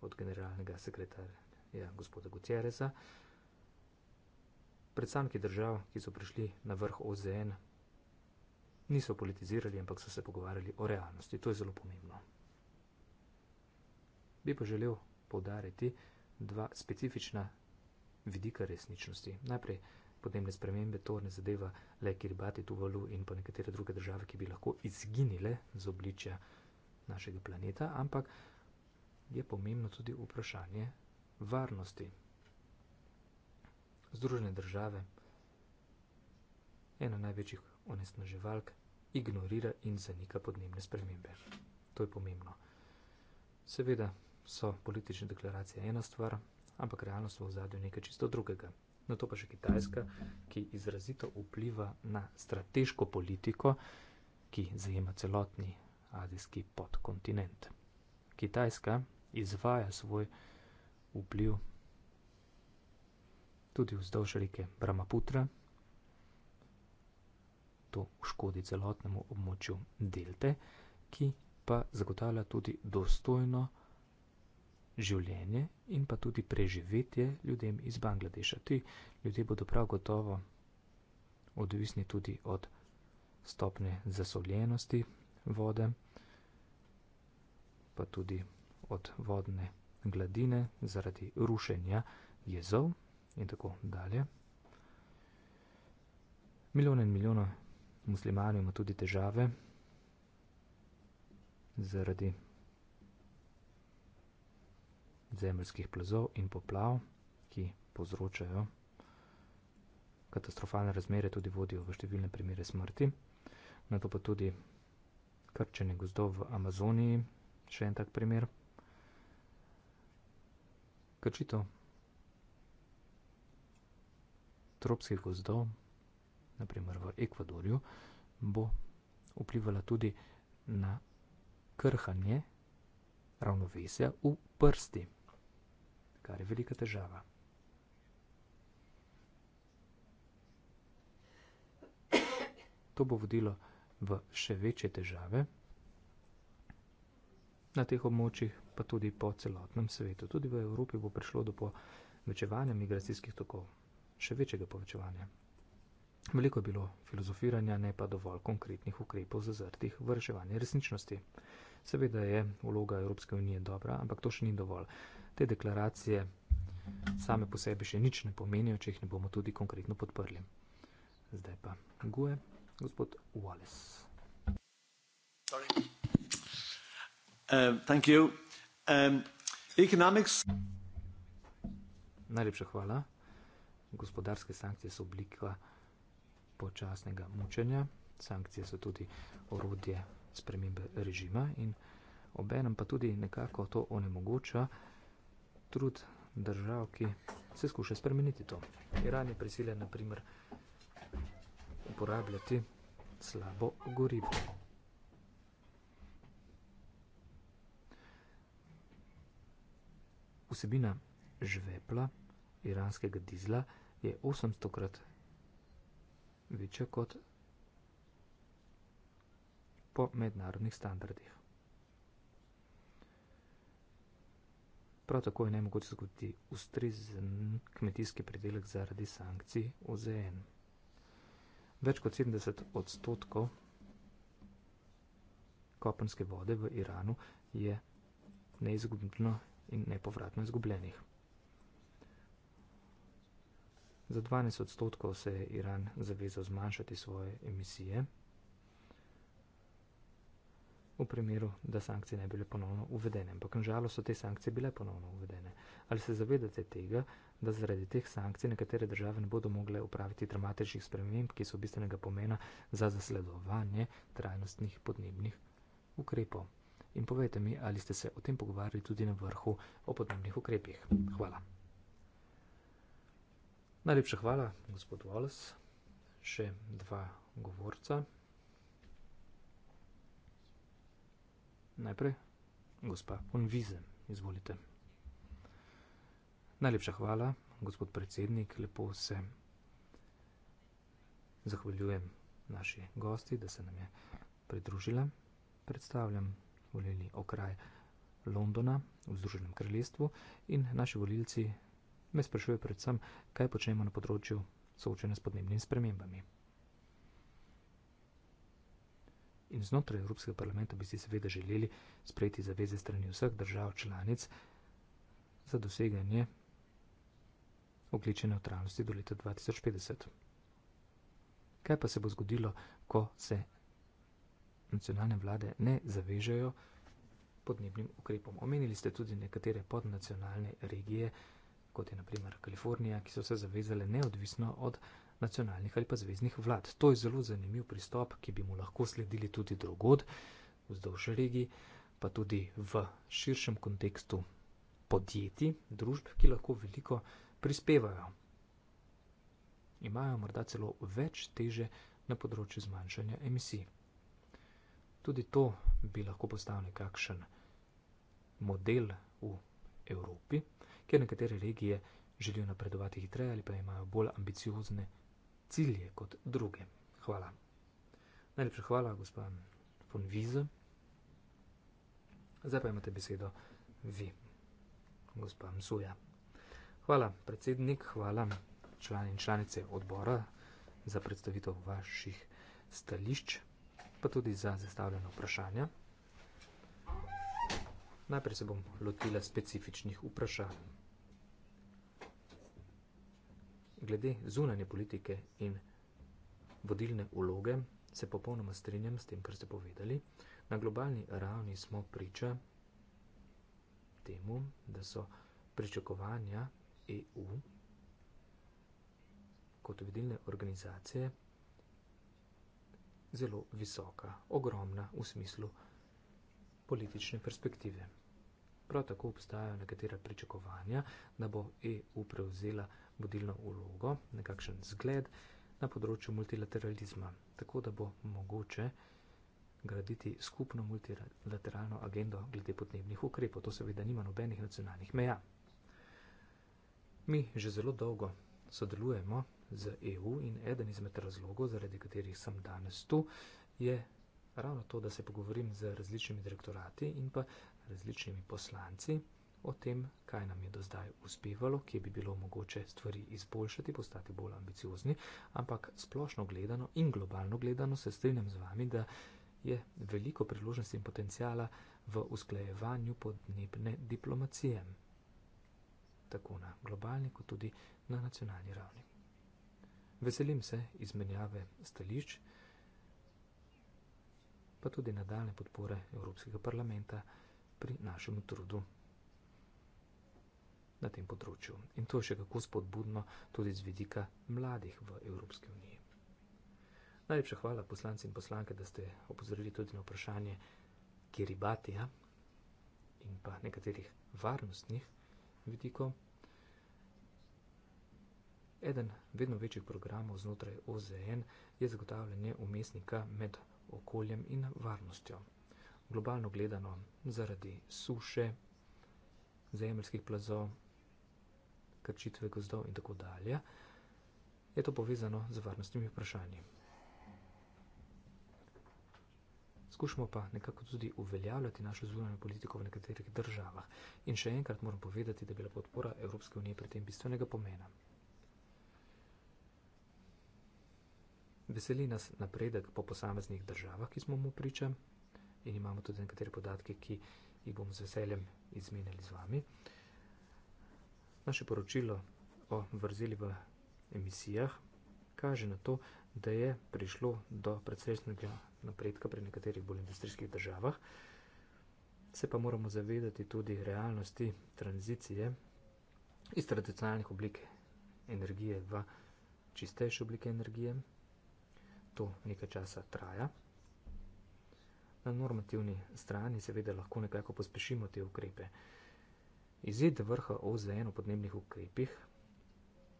S4: od generalnega sekretarja, gospoda Gutierreza predstavniki držav, ki so prišli na vrh OZN, niso politizirali, ampak so se pogovarjali o realnosti. To je zelo pomembno. Bi pa želel povdariti dva specifična vidika resničnosti. Najprej podnebne spremembe, to ne zadeva le Kiribati, Tuvalu in pa nekatere druge države, ki bi lahko izginile z obličja našega planeta, ampak je pomembno tudi vprašanje varnosti. Združene države, ena največjih onesnaževalk, ignorira in zanika podnebne spremembe. To je pomembno. Seveda so politične deklaracije ena stvar, ampak realnost v ozadju nekaj čisto drugega. Na to pa še Kitajska, ki izrazito vpliva na strateško politiko, ki zajema celotni azijski podkontinent. Kitajska izvaja svoj vpliv tudi vzdolž reke Brahmaputra. To škodi celotnemu območju delte, ki pa zagotavlja tudi dostojno življenje in pa tudi preživetje ljudem iz Bangladeša. Ti ljudje bodo prav gotovo odvisni tudi od stopne zasoljenosti vode, pa tudi od vodne gladine zaradi rušenja jezov in tako dalje. Milijone in milijone muslimanov ima tudi težave zaradi zemljskih plazov in poplav, ki povzročajo katastrofalne razmere, tudi vodijo v številne primere smrti. Na to pa tudi krčenje gozdov v Amazoniji, še en tak primer. Krčito tropskih gozdov, naprimer v Ekvadorju, bo vplivala tudi na krhanje ravnovesja v prsti, kar je velika težava. To bo vodilo v še večje težave na teh območjih, pa tudi po celotnem svetu. Tudi v Evropi bo prišlo do povečevanja migracijskih tokov še večjega povečevanja. Veliko je bilo filozofiranja, ne pa dovolj konkretnih ukrepov zazrtih v reševanje resničnosti. Seveda je vloga Evropske unije dobra, ampak to še ni dovolj. Te deklaracije same po sebi še nič ne pomenijo, če jih ne bomo tudi konkretno podprli. Zdaj pa guje gospod Wallace. Um, um, economics... Najlepša hvala. Gospodarske sankcije so oblika počasnega mučenja, sankcije so tudi orodje spremembe režima in obenem pa tudi nekako to onemogoča trud držav, ki se skuša spremeniti to. Iran je prisiljen naprimer uporabljati slabo gorivo. Vsebina žvepla iranskega dizla je 800 krat večja kot po mednarodnih standardih. Prav tako je nemogoče zgoditi ustrezen kmetijski predelek zaradi sankcij OZN. Več kot 70 odstotkov kopenske vode v Iranu je neizgubno in nepovratno izgubljenih. Za 12 odstotkov se je Iran zavezal zmanjšati svoje emisije, v primeru, da sankcije ne bile ponovno uvedene. Ampak nažalost so te sankcije bile ponovno uvedene. Ali se zavedate tega, da zaradi teh sankcij nekatere države ne bodo mogle upraviti dramatičnih sprememb, ki so bistvenega pomena za zasledovanje trajnostnih podnebnih ukrepov? In povejte mi, ali ste se o tem pogovarjali tudi na vrhu o podnebnih ukrepih. Hvala. Najlepša hvala, gospod Wallace. Še dva govorca. Najprej, gospa von Wiese, izvolite. Najlepša hvala, gospod predsednik, lepo se zahvaljujem naši gosti, da se nam je pridružila. Predstavljam volilni okraj Londona v Združenem kraljestvu in naši volilci me sprašuje predvsem, kaj počnemo na področju soočanja s podnebnimi spremembami. In znotraj Evropskega parlamenta bi si seveda želeli sprejeti zaveze strani vseh držav članic za doseganje oglične neutralnosti do leta 2050. Kaj pa se bo zgodilo, ko se nacionalne vlade ne zavežejo podnebnim ukrepom? Omenili ste tudi nekatere podnacionalne regije, kot je naprimer Kalifornija, ki so se zavezale neodvisno od nacionalnih ali pa zvezdnih vlad. To je zelo zanimiv pristop, ki bi mu lahko sledili tudi drugod, vzdolž regi, pa tudi v širšem kontekstu podjetij, družb, ki lahko veliko prispevajo. Imajo morda celo več teže na področju zmanjšanja emisij. Tudi to bi lahko postal nekakšen model v Evropi ker nekatere regije želijo napredovati hitreje ali pa imajo bolj ambiciozne cilje kot druge. Hvala. Najlepša hvala, gospod von Wiese. Zdaj pa imate besedo vi, gospod Msuja. Hvala, predsednik, hvala člani in članice odbora za predstavitev vaših stališč, pa tudi za zastavljeno vprašanje. Najprej se bom lotila specifičnih vprašanj glede zunanje politike in vodilne uloge, se popolnoma strinjam s tem, kar ste povedali. Na globalni ravni smo priča temu, da so pričakovanja EU kot vodilne organizacije zelo visoka, ogromna v smislu politične perspektive. Prav tako obstajajo nekatera pričakovanja, da bo EU prevzela vodilno ulogo, nekakšen zgled na področju multilateralizma, tako da bo mogoče graditi skupno multilateralno agendo glede podnebnih ukrepov. To seveda nima nobenih nacionalnih meja. Mi že zelo dolgo sodelujemo z EU in eden izmed razlogov, zaradi katerih sem danes tu, je ravno to, da se pogovorim z različnimi direktorati in pa različnimi poslanci o tem, kaj nam je do zdaj uspevalo, kje bi bilo mogoče stvari izboljšati, postati bolj ambiciozni, ampak splošno gledano in globalno gledano se strinjam z vami, da je veliko priložnosti in potencijala v usklajevanju podnebne diplomacije, tako na globalni kot tudi na nacionalni ravni. Veselim se izmenjave stališč, pa tudi nadaljne podpore Evropskega parlamenta pri našem trudu na tem področju. In to je še kako spodbudno tudi z vidika mladih v Evropski uniji. Najlepša hvala poslanci in poslanke, da ste opozorili tudi na vprašanje kiribatija in pa nekaterih varnostnih vidikov. Eden vedno večjih programov znotraj OZN je zagotavljanje umestnika med okoljem in varnostjo. Globalno gledano, zaradi suše, zemeljskih plazov, krčitve gozdov in tako dalje, je to povezano z varnostnimi vprašanji. Skušamo pa nekako tudi uveljavljati našo zunanjo politiko v nekaterih državah. In še enkrat moram povedati, da je bila podpora Evropske unije pri tem bistvenega pomena. Veseli nas napredek po posameznih državah, ki smo mu priča in imamo tudi nekatere podatke, ki jih bom z veseljem izmenjali z vami. Naše poročilo o vrzeli v emisijah kaže na to, da je prišlo do predsrečnega napredka pri nekaterih bolj industrijskih državah. Se pa moramo zavedati tudi realnosti tranzicije iz tradicionalnih oblik energije v čistejše oblike energije. To nekaj časa traja. Na normativni strani seveda lahko nekako pospešimo te ukrepe. Izid vrha OZN o podnebnih ukrepih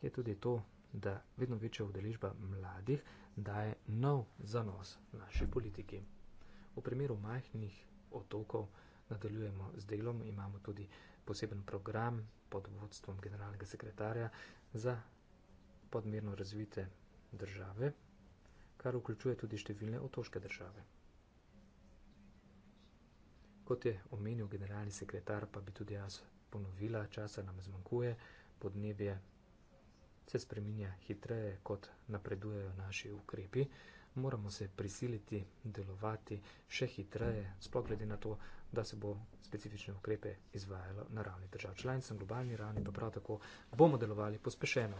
S4: je tudi to, da vedno večja udeležba mladih daje nov zanos naši politiki. V primeru majhnih otokov nadaljujemo z delom, imamo tudi poseben program pod vodstvom generalnega sekretarja za podmerno razvite države, kar vključuje tudi številne otoške države. Kot je omenil generalni sekretar, pa bi tudi jaz ponovila, časa nam zmanjkuje, podnebje se spreminja hitreje, kot napredujejo naši ukrepi. Moramo se prisiliti delovati še hitreje, sploh glede na to, da se bo specifične ukrepe izvajalo na ravni držav članic, na globalni ravni pa prav tako bomo delovali pospešeno.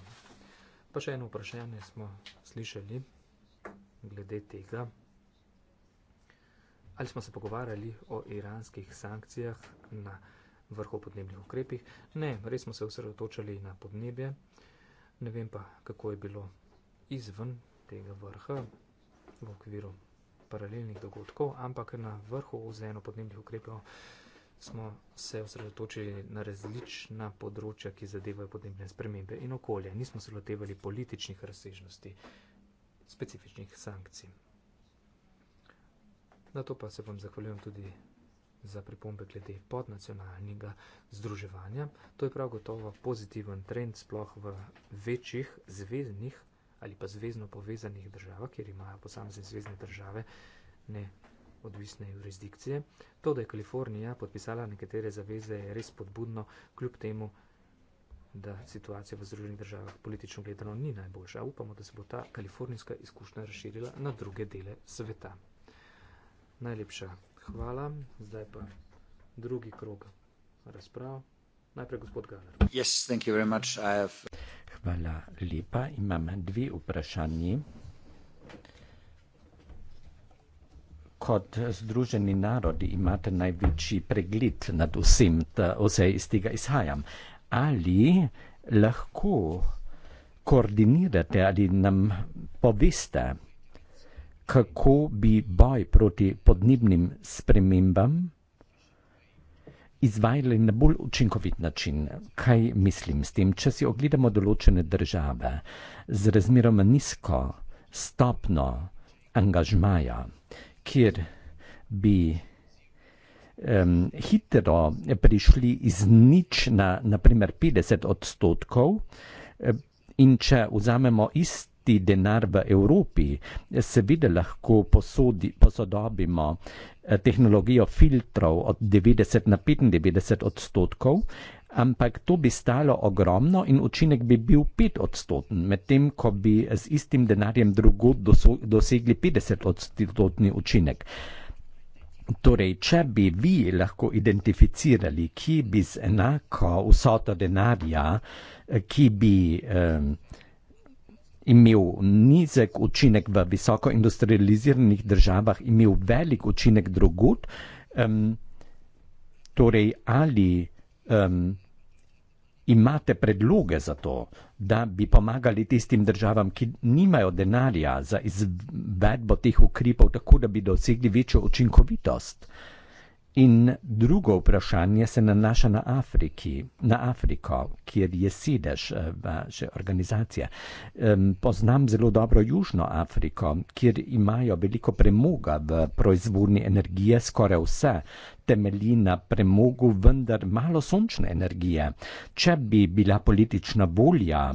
S4: Pa še eno vprašanje smo slišali glede tega, ali smo se pogovarjali o iranskih sankcijah na vrhu podnebnih ukrepih. Ne, res smo se osredotočali na podnebje, ne vem pa, kako je bilo izven tega vrha v okviru paralelnih dogodkov, ampak na vrhu vzeno podnebnih ukrepov smo se osredotočili na različna področja, ki zadevajo podnebne spremembe in okolje. Nismo se lotevali političnih razsežnosti, specifičnih sankcij. Na to pa se vam zahvaljujem tudi za pripombe glede podnacionalnega združevanja. To je prav gotovo pozitiven trend, sploh v večjih zvezdnih ali pa zvezdno povezanih državah, kjer imajo posamezne zvezdne države neodvisne jurisdikcije. To, da je Kalifornija podpisala nekatere zaveze, je res podbudno, kljub temu, da situacija v Združenih državah politično gledano ni najboljša. Upamo, da se bo ta kalifornijska izkušnja razširila na druge dele sveta. Najlepša Hvala. Zdaj pa drugi krok razprav. Najprej gospod Galer.
S2: Yes, have... Hvala lepa. Imam dve vprašanje. Kot Združeni narodi imate največji pregled nad vsem, da vse iz tega izhajam. Ali lahko koordinirate ali nam poveste, kako bi boj proti podnebnim spremembam izvajali na bolj učinkovit način. Kaj mislim s tem? Če si ogledamo določene države z razmeroma nizko stopno angažmaja, kjer bi um, hitro prišli iz nič na naprimer 50 odstotkov in če vzamemo isto vrniti denar v Evropi. Seveda lahko posodi, posodobimo eh, tehnologijo filtrov od 90 na 95 odstotkov, ampak to bi stalo ogromno in učinek bi bil 5 odstoten, medtem ko bi z istim denarjem drugod dosegli 50 odstotni učinek. Torej, če bi vi lahko identificirali, ki bi z enako vsoto denarja, eh, ki bi eh, imel nizek učinek v visoko industrializiranih državah, imel velik učinek drugot. Um, torej, ali um, imate predloge za to, da bi pomagali tistim državam, ki nimajo denarja za izvedbo teh ukrepov, tako da bi dosegli večjo učinkovitost? Uh, In drugo vprašanje se nanaša na, Afriki, na Afriko, kjer je sedež eh, vaše organizacije. Poznam zelo dobro Južno Afriko, kjer imajo veliko premoga v proizvodni energije, skoraj vse temelji na premogu, vendar malo sončne energije. Če bi bila politična volja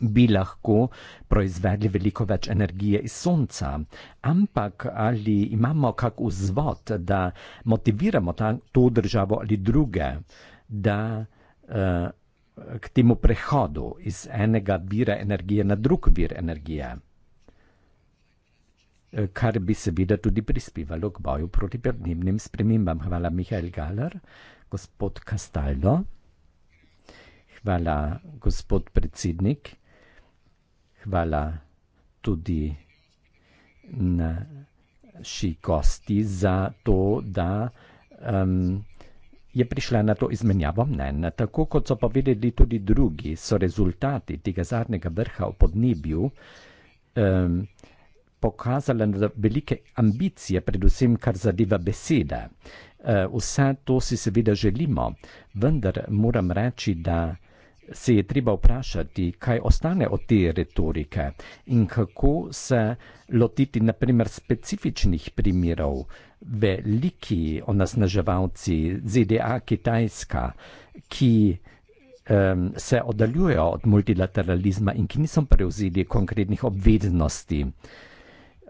S2: bi lahko proizvedli veliko več energije iz sonca. Ampak ali imamo kak vzvod, da motiviramo ta, to državo ali druge, da uh, k temu prehodu iz enega vira energije na drug vir energije? Eh, kar bi seveda tudi prispevalo k boju proti podnebnim spremembam. Hvala, Mihajl Galer, gospod Kastaldo, hvala, gospod predsednik, Hvala tudi naši gosti za to, da um, je prišla na to izmenjavo mnen. Tako kot so povedali tudi drugi, so rezultati tega zadnjega vrha v podnebju um, pokazali velike ambicije, predvsem kar zadeva besede. Uh, vse to si seveda želimo, vendar moram reči, da se je treba vprašati, kaj ostane od te retorike in kako se lotiti, naprimer, specifičnih primerov, veliki onesnaževalci, ZDA, Kitajska, ki um, se oddaljujejo od multilateralizma in ki niso prevzeli konkretnih obveznosti.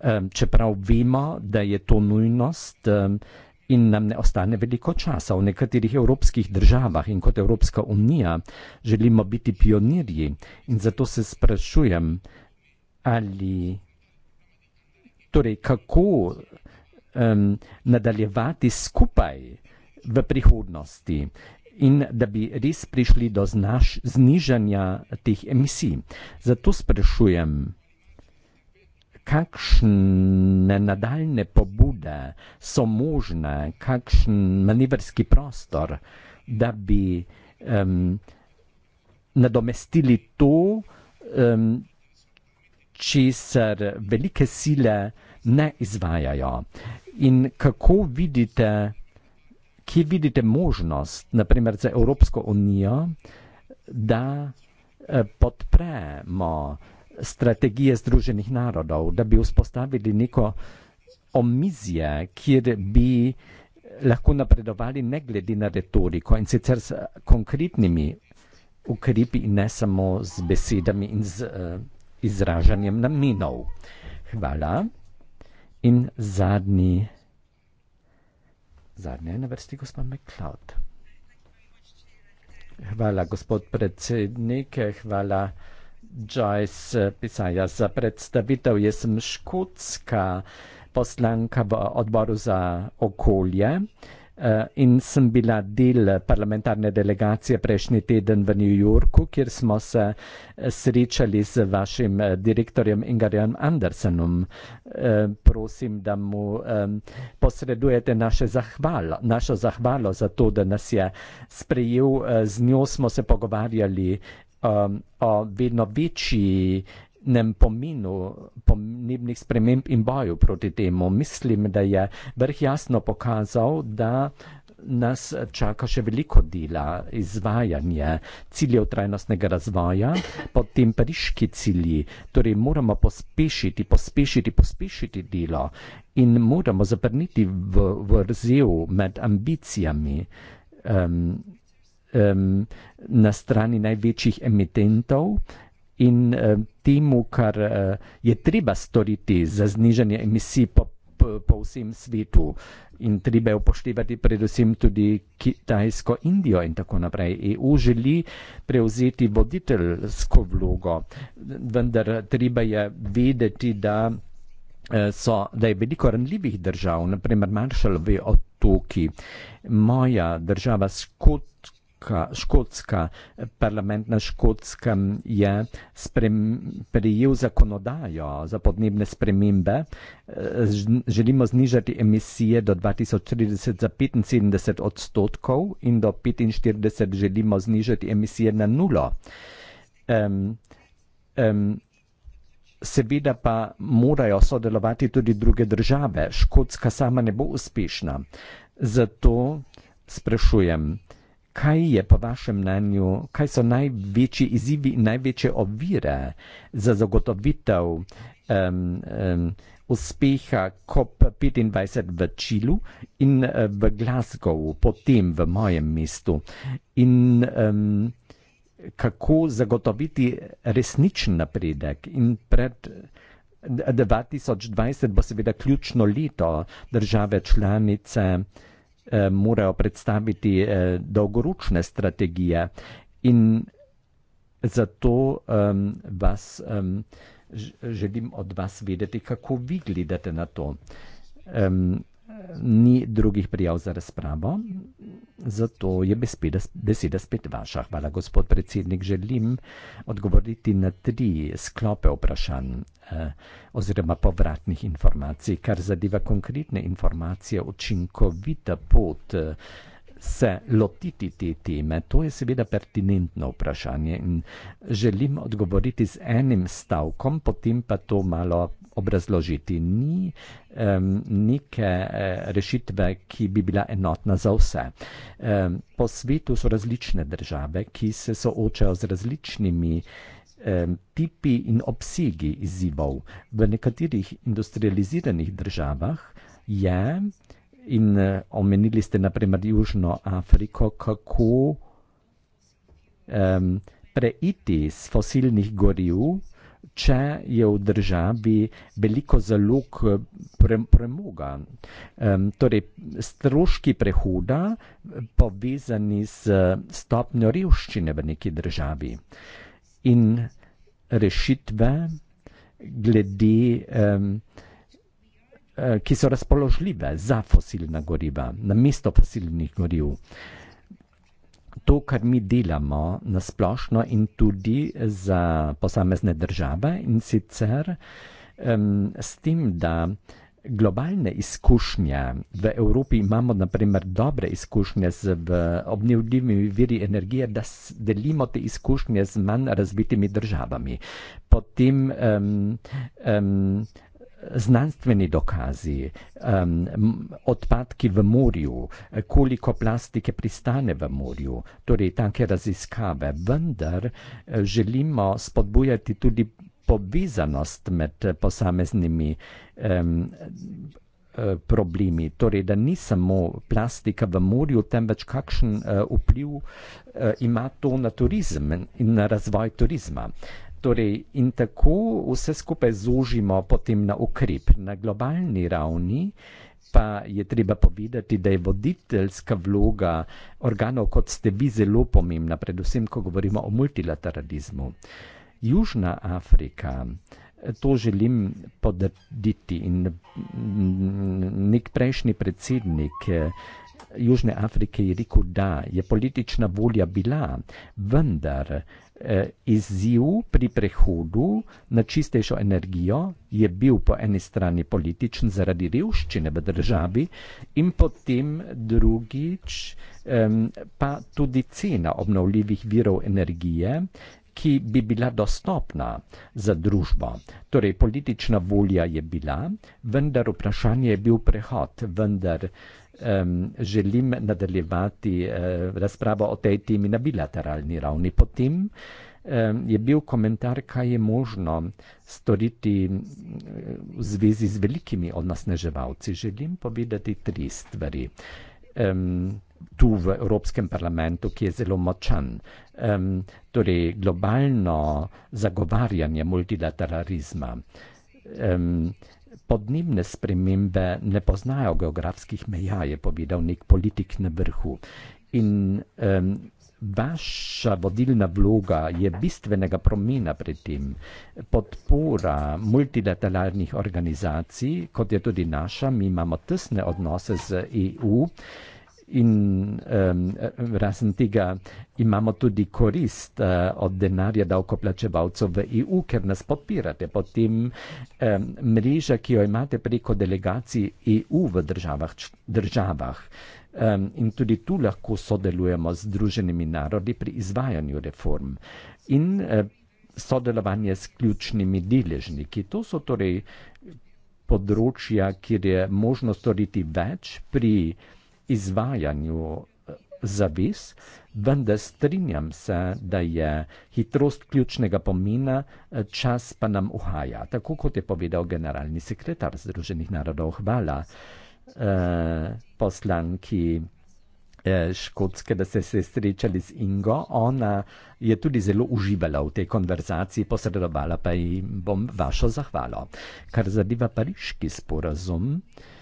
S2: Um, čeprav vemo, da je to nujnost. Um, in nam ne ostane veliko časa. V nekaterih evropskih državah in kot Evropska unija želimo biti pionirji in zato se sprašujem, ali torej kako um, nadaljevati skupaj v prihodnosti in da bi res prišli do znaš, znižanja teh emisij. Zato sprašujem, kakšne nadaljne pobude so možne, kakšen manevrski prostor, da bi um, nadomestili to, um, česar velike sile ne izvajajo. In kako vidite, kje vidite možnost, naprimer za Evropsko unijo, da eh, podpremo strategije Združenih narodov, da bi vzpostavili neko omizje, kjer bi lahko napredovali ne glede na retoriko in sicer s konkretnimi ukrepi in ne samo z besedami in z uh, izražanjem namenov. Hvala. In zadnji, zadnja je na vrsti gospod McCloud. Hvala, gospod predsednik, hvala. Joyce eh, pisała za przedstawitą jest szkocka poslanka w odboru za okolje eh, in sem bila del parlamentarne delegacije prejšnji teden v New Yorku, kjer smo se eh, srečali z vašim direktorjem Ingarjem Andersenom. Prosim, da mu posredujete naše zahvalo, našo zahvalo za to, da nas je sprejel. Z njo smo se pogovarjali um, o vedno večjem pominu pomembnih sprememb in boju proti temu. Mislim, da je vrh jasno pokazal, da nas čaka še veliko dela, izvajanje ciljev trajnostnega razvoja, potem pariški cilji. Torej moramo pospešiti, pospešiti, pospešiti delo in moramo zaprniti v vrzel med ambicijami. Um, um, na strani največjih emitentov in um, temu, kar uh, je treba storiti za znižanje emisij po, po, po vsem svetu. In treba je upoštevati predvsem tudi Kitajsko, Indijo in tako naprej. EU želi prevzeti voditeljsko vlogo, vendar treba je vedeti, da, eh, so, da je veliko ranljivih držav, naprimer Maršalovi otoki, moja država Skot Škotska, škotska, eh, parlament na škotskem je sprejel zakonodajo za podnebne spremembe. Eh, želimo znižati emisije do 2030 za 75 odstotkov in do 45 želimo znižati emisije na nulo. Um, um, Seveda pa morajo sodelovati tudi druge države. Škotska sama ne bo uspešna. Zato sprašujem, Kaj je po vašem mnenju, kaj so največji izzivi in največje ovire za zagotovitev um, um, uspeha COP25 v Čilu in eh, v Glasgowu, potem v mojem mestu? In um, kako zagotoviti resničen napredek in pred. 2020 eh, bo seveda ključno leto države članice. Eh, morajo predstaviti eh, dolgoročne strategije. In zato um, vas, um, želim od vas vedeti, kako vi gledate na to. Um, ni drugih prijav za razpravo, zato je beseda, beseda spet vaša. Hvala, gospod predsednik. Želim odgovoriti na tri sklope vprašanj eh, oziroma povratnih informacij, kar zadeva konkretne informacije, učinkovita pot eh, se lotiti te teme? To je seveda pertinentno vprašanje in želim odgovoriti z enim stavkom, potem pa to malo obrazložiti. Ni um, neke eh, rešitve, ki bi bila enotna za vse. Um, po svetu so različne države, ki se soočajo z različnimi tipi in obsegi izzivov. V nekaterih industrializiranih državah je eh, In uh, omenili ste, naprimer, Južno Afriko, kako um, preiti iz fosilnih goriv, če je v državi veliko zalog eh, pre, premoga. Um, torej, stroški prehuda eh, povezani z stopnjo revščine v neki državi. In rešitve glede. Um, Eh, ki so razpoložljive za fosilna goriva, namesto fosilnih goriv. To, kar mi delamo na splošno in tudi za posamezne države in sicer um, s tem, da globalne izkušnje v Evropi imamo naprimer dobre izkušnje z obnovljivimi viri energije, da delimo te izkušnje z manj razvitimi državami. Potem um, um, znanstveni dokazi, um, odpadki v morju, koliko plastike pristane v morju, torej take raziskave, vendar eh, želimo spodbujati tudi povezanost med posameznimi um, problemi, torej da ni samo plastika v morju, temveč kakšen uh, vpliv uh, ima to na turizem in na razvoj turizma. Uh, Torej, in tako vse skupaj zožimo potem na ukrep. Na globalni ravni pa je treba povedati, da je voditeljska vloga organov, kot ste vi, zelo pomembna, predvsem, ko govorimo o multilateralizmu. Južna Afrika, to želim podrditi in nek prejšnji predsednik. Južne Afrike je rekel, da je politična volja bila, vendar Eh, izziv pri prehodu na čistejšo energijo je bil po eni strani političen zaradi revščine v državi in potem drugič pa tudi cena obnovljivih virov energije, ki bi bila dostopna za družbo. Torej politična volja je bila, vendar vprašanje je bil prehod, vendar um, želim nadaljevati uh, razpravo o tej temi na bilateralni ravni. Potem um, je bil komentar, kaj je možno storiti v zvezi z velikimi onasneževalci. Želim povedati tri stvari. Um, tu v Evropskem parlamentu, ki je zelo močan. Um, torej, globalno zagovarjanje multilateralizma. Um, Podnebne spremembe ne poznajo geografskih meja, je povedal nek politik na vrhu. In um, vaša vodilna vloga je bistvenega promena pri tem. Podpora multilateralnih organizacij, kot je tudi naša, mi imamo tesne odnose z EU in um, razen tega imamo tudi korist uh, od denarja davkoplačevalcev v EU, ker nas podpirate. Potem um, mreža, ki jo imate preko delegacij EU v državah, č, državah. Um, in tudi tu lahko sodelujemo z druženimi narodi pri izvajanju reform. In, uh, Sodelovanje s ključnimi deležniki. To so torej področja, kjer je možno storiti več pri izvajanju eh, zavez, vendar strinjam se, da je hitrost ključnega pomena, eh, čas pa nam uhaja. Tako kot je povedal generalni sekretar Združenih narodov, hvala eh, poslanki eh, Škotske, da ste se srečali z Ingo. Ona je tudi zelo uživala v tej konverzaciji, posredovala pa ji bom vašo zahvalo. Kar zadeva pariški sporazum, eh,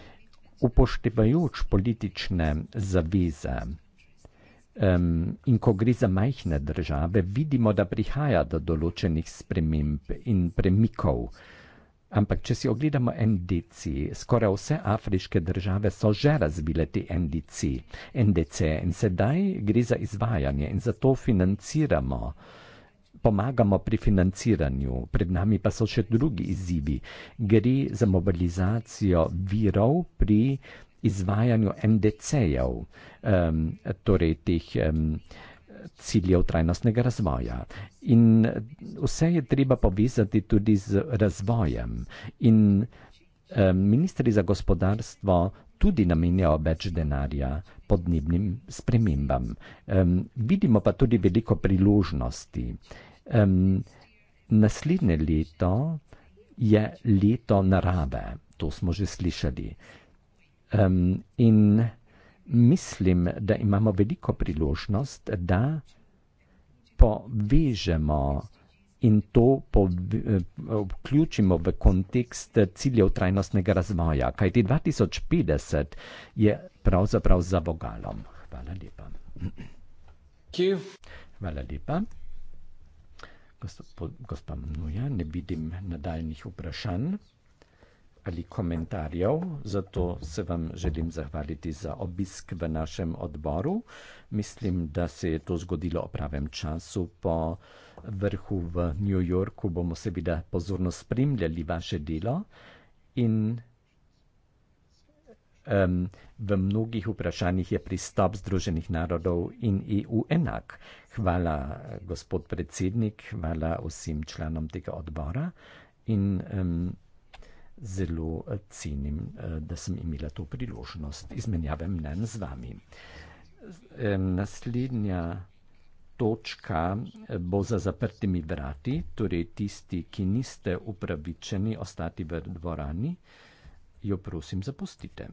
S2: upoštevajoč politične zaveze. In ko gre za majhne države, vidimo, da prihaja do določenih sprememb in premikov. Ampak, če si ogledamo NDC, skoraj vse afriške države so že razvile te NDC, NDC in sedaj gre za izvajanje in zato financiramo uh, pomagamo pri financiranju, pred nami pa so še drugi izzivi. Gre za mobilizacijo virov pri izvajanju MDC-jev, um, torej teh um, ciljev trajnostnega razvoja. In vse je treba povezati tudi z razvojem. In um, ministri za gospodarstvo tudi namenjajo več denarja podnebnim spremembam. Um, vidimo pa tudi veliko priložnosti um, naslednje leto je leto narave, to smo že slišali. Um, in mislim, da imamo veliko priložnost, da povežemo in to eh, vključimo v kontekst ciljev trajnostnega razvoja, kajti 2050 je pravzaprav za Bogalom. Hvala lepa. Hvala lepa gospa Mnuja, ne vidim nadaljnih vprašanj ali komentarjev, zato se vam želim zahvaliti za obisk v našem odboru. Mislim, da se je to zgodilo o pravem času. Po vrhu v New Yorku bomo seveda pozorno spremljali vaše delo in um, v mnogih vprašanjih je pristop Združenih narodov in EU enak. Hvala, gospod predsednik, hvala vsem članom tega odbora in um, zelo eh, cenim, eh, da sem imela to priložnost izmenjave mnen z vami. Um, naslednja točka eh, bo za zaprtimi vrati, torej tisti, ki niste upravičeni ostati v dvorani, jo prosim zapustite.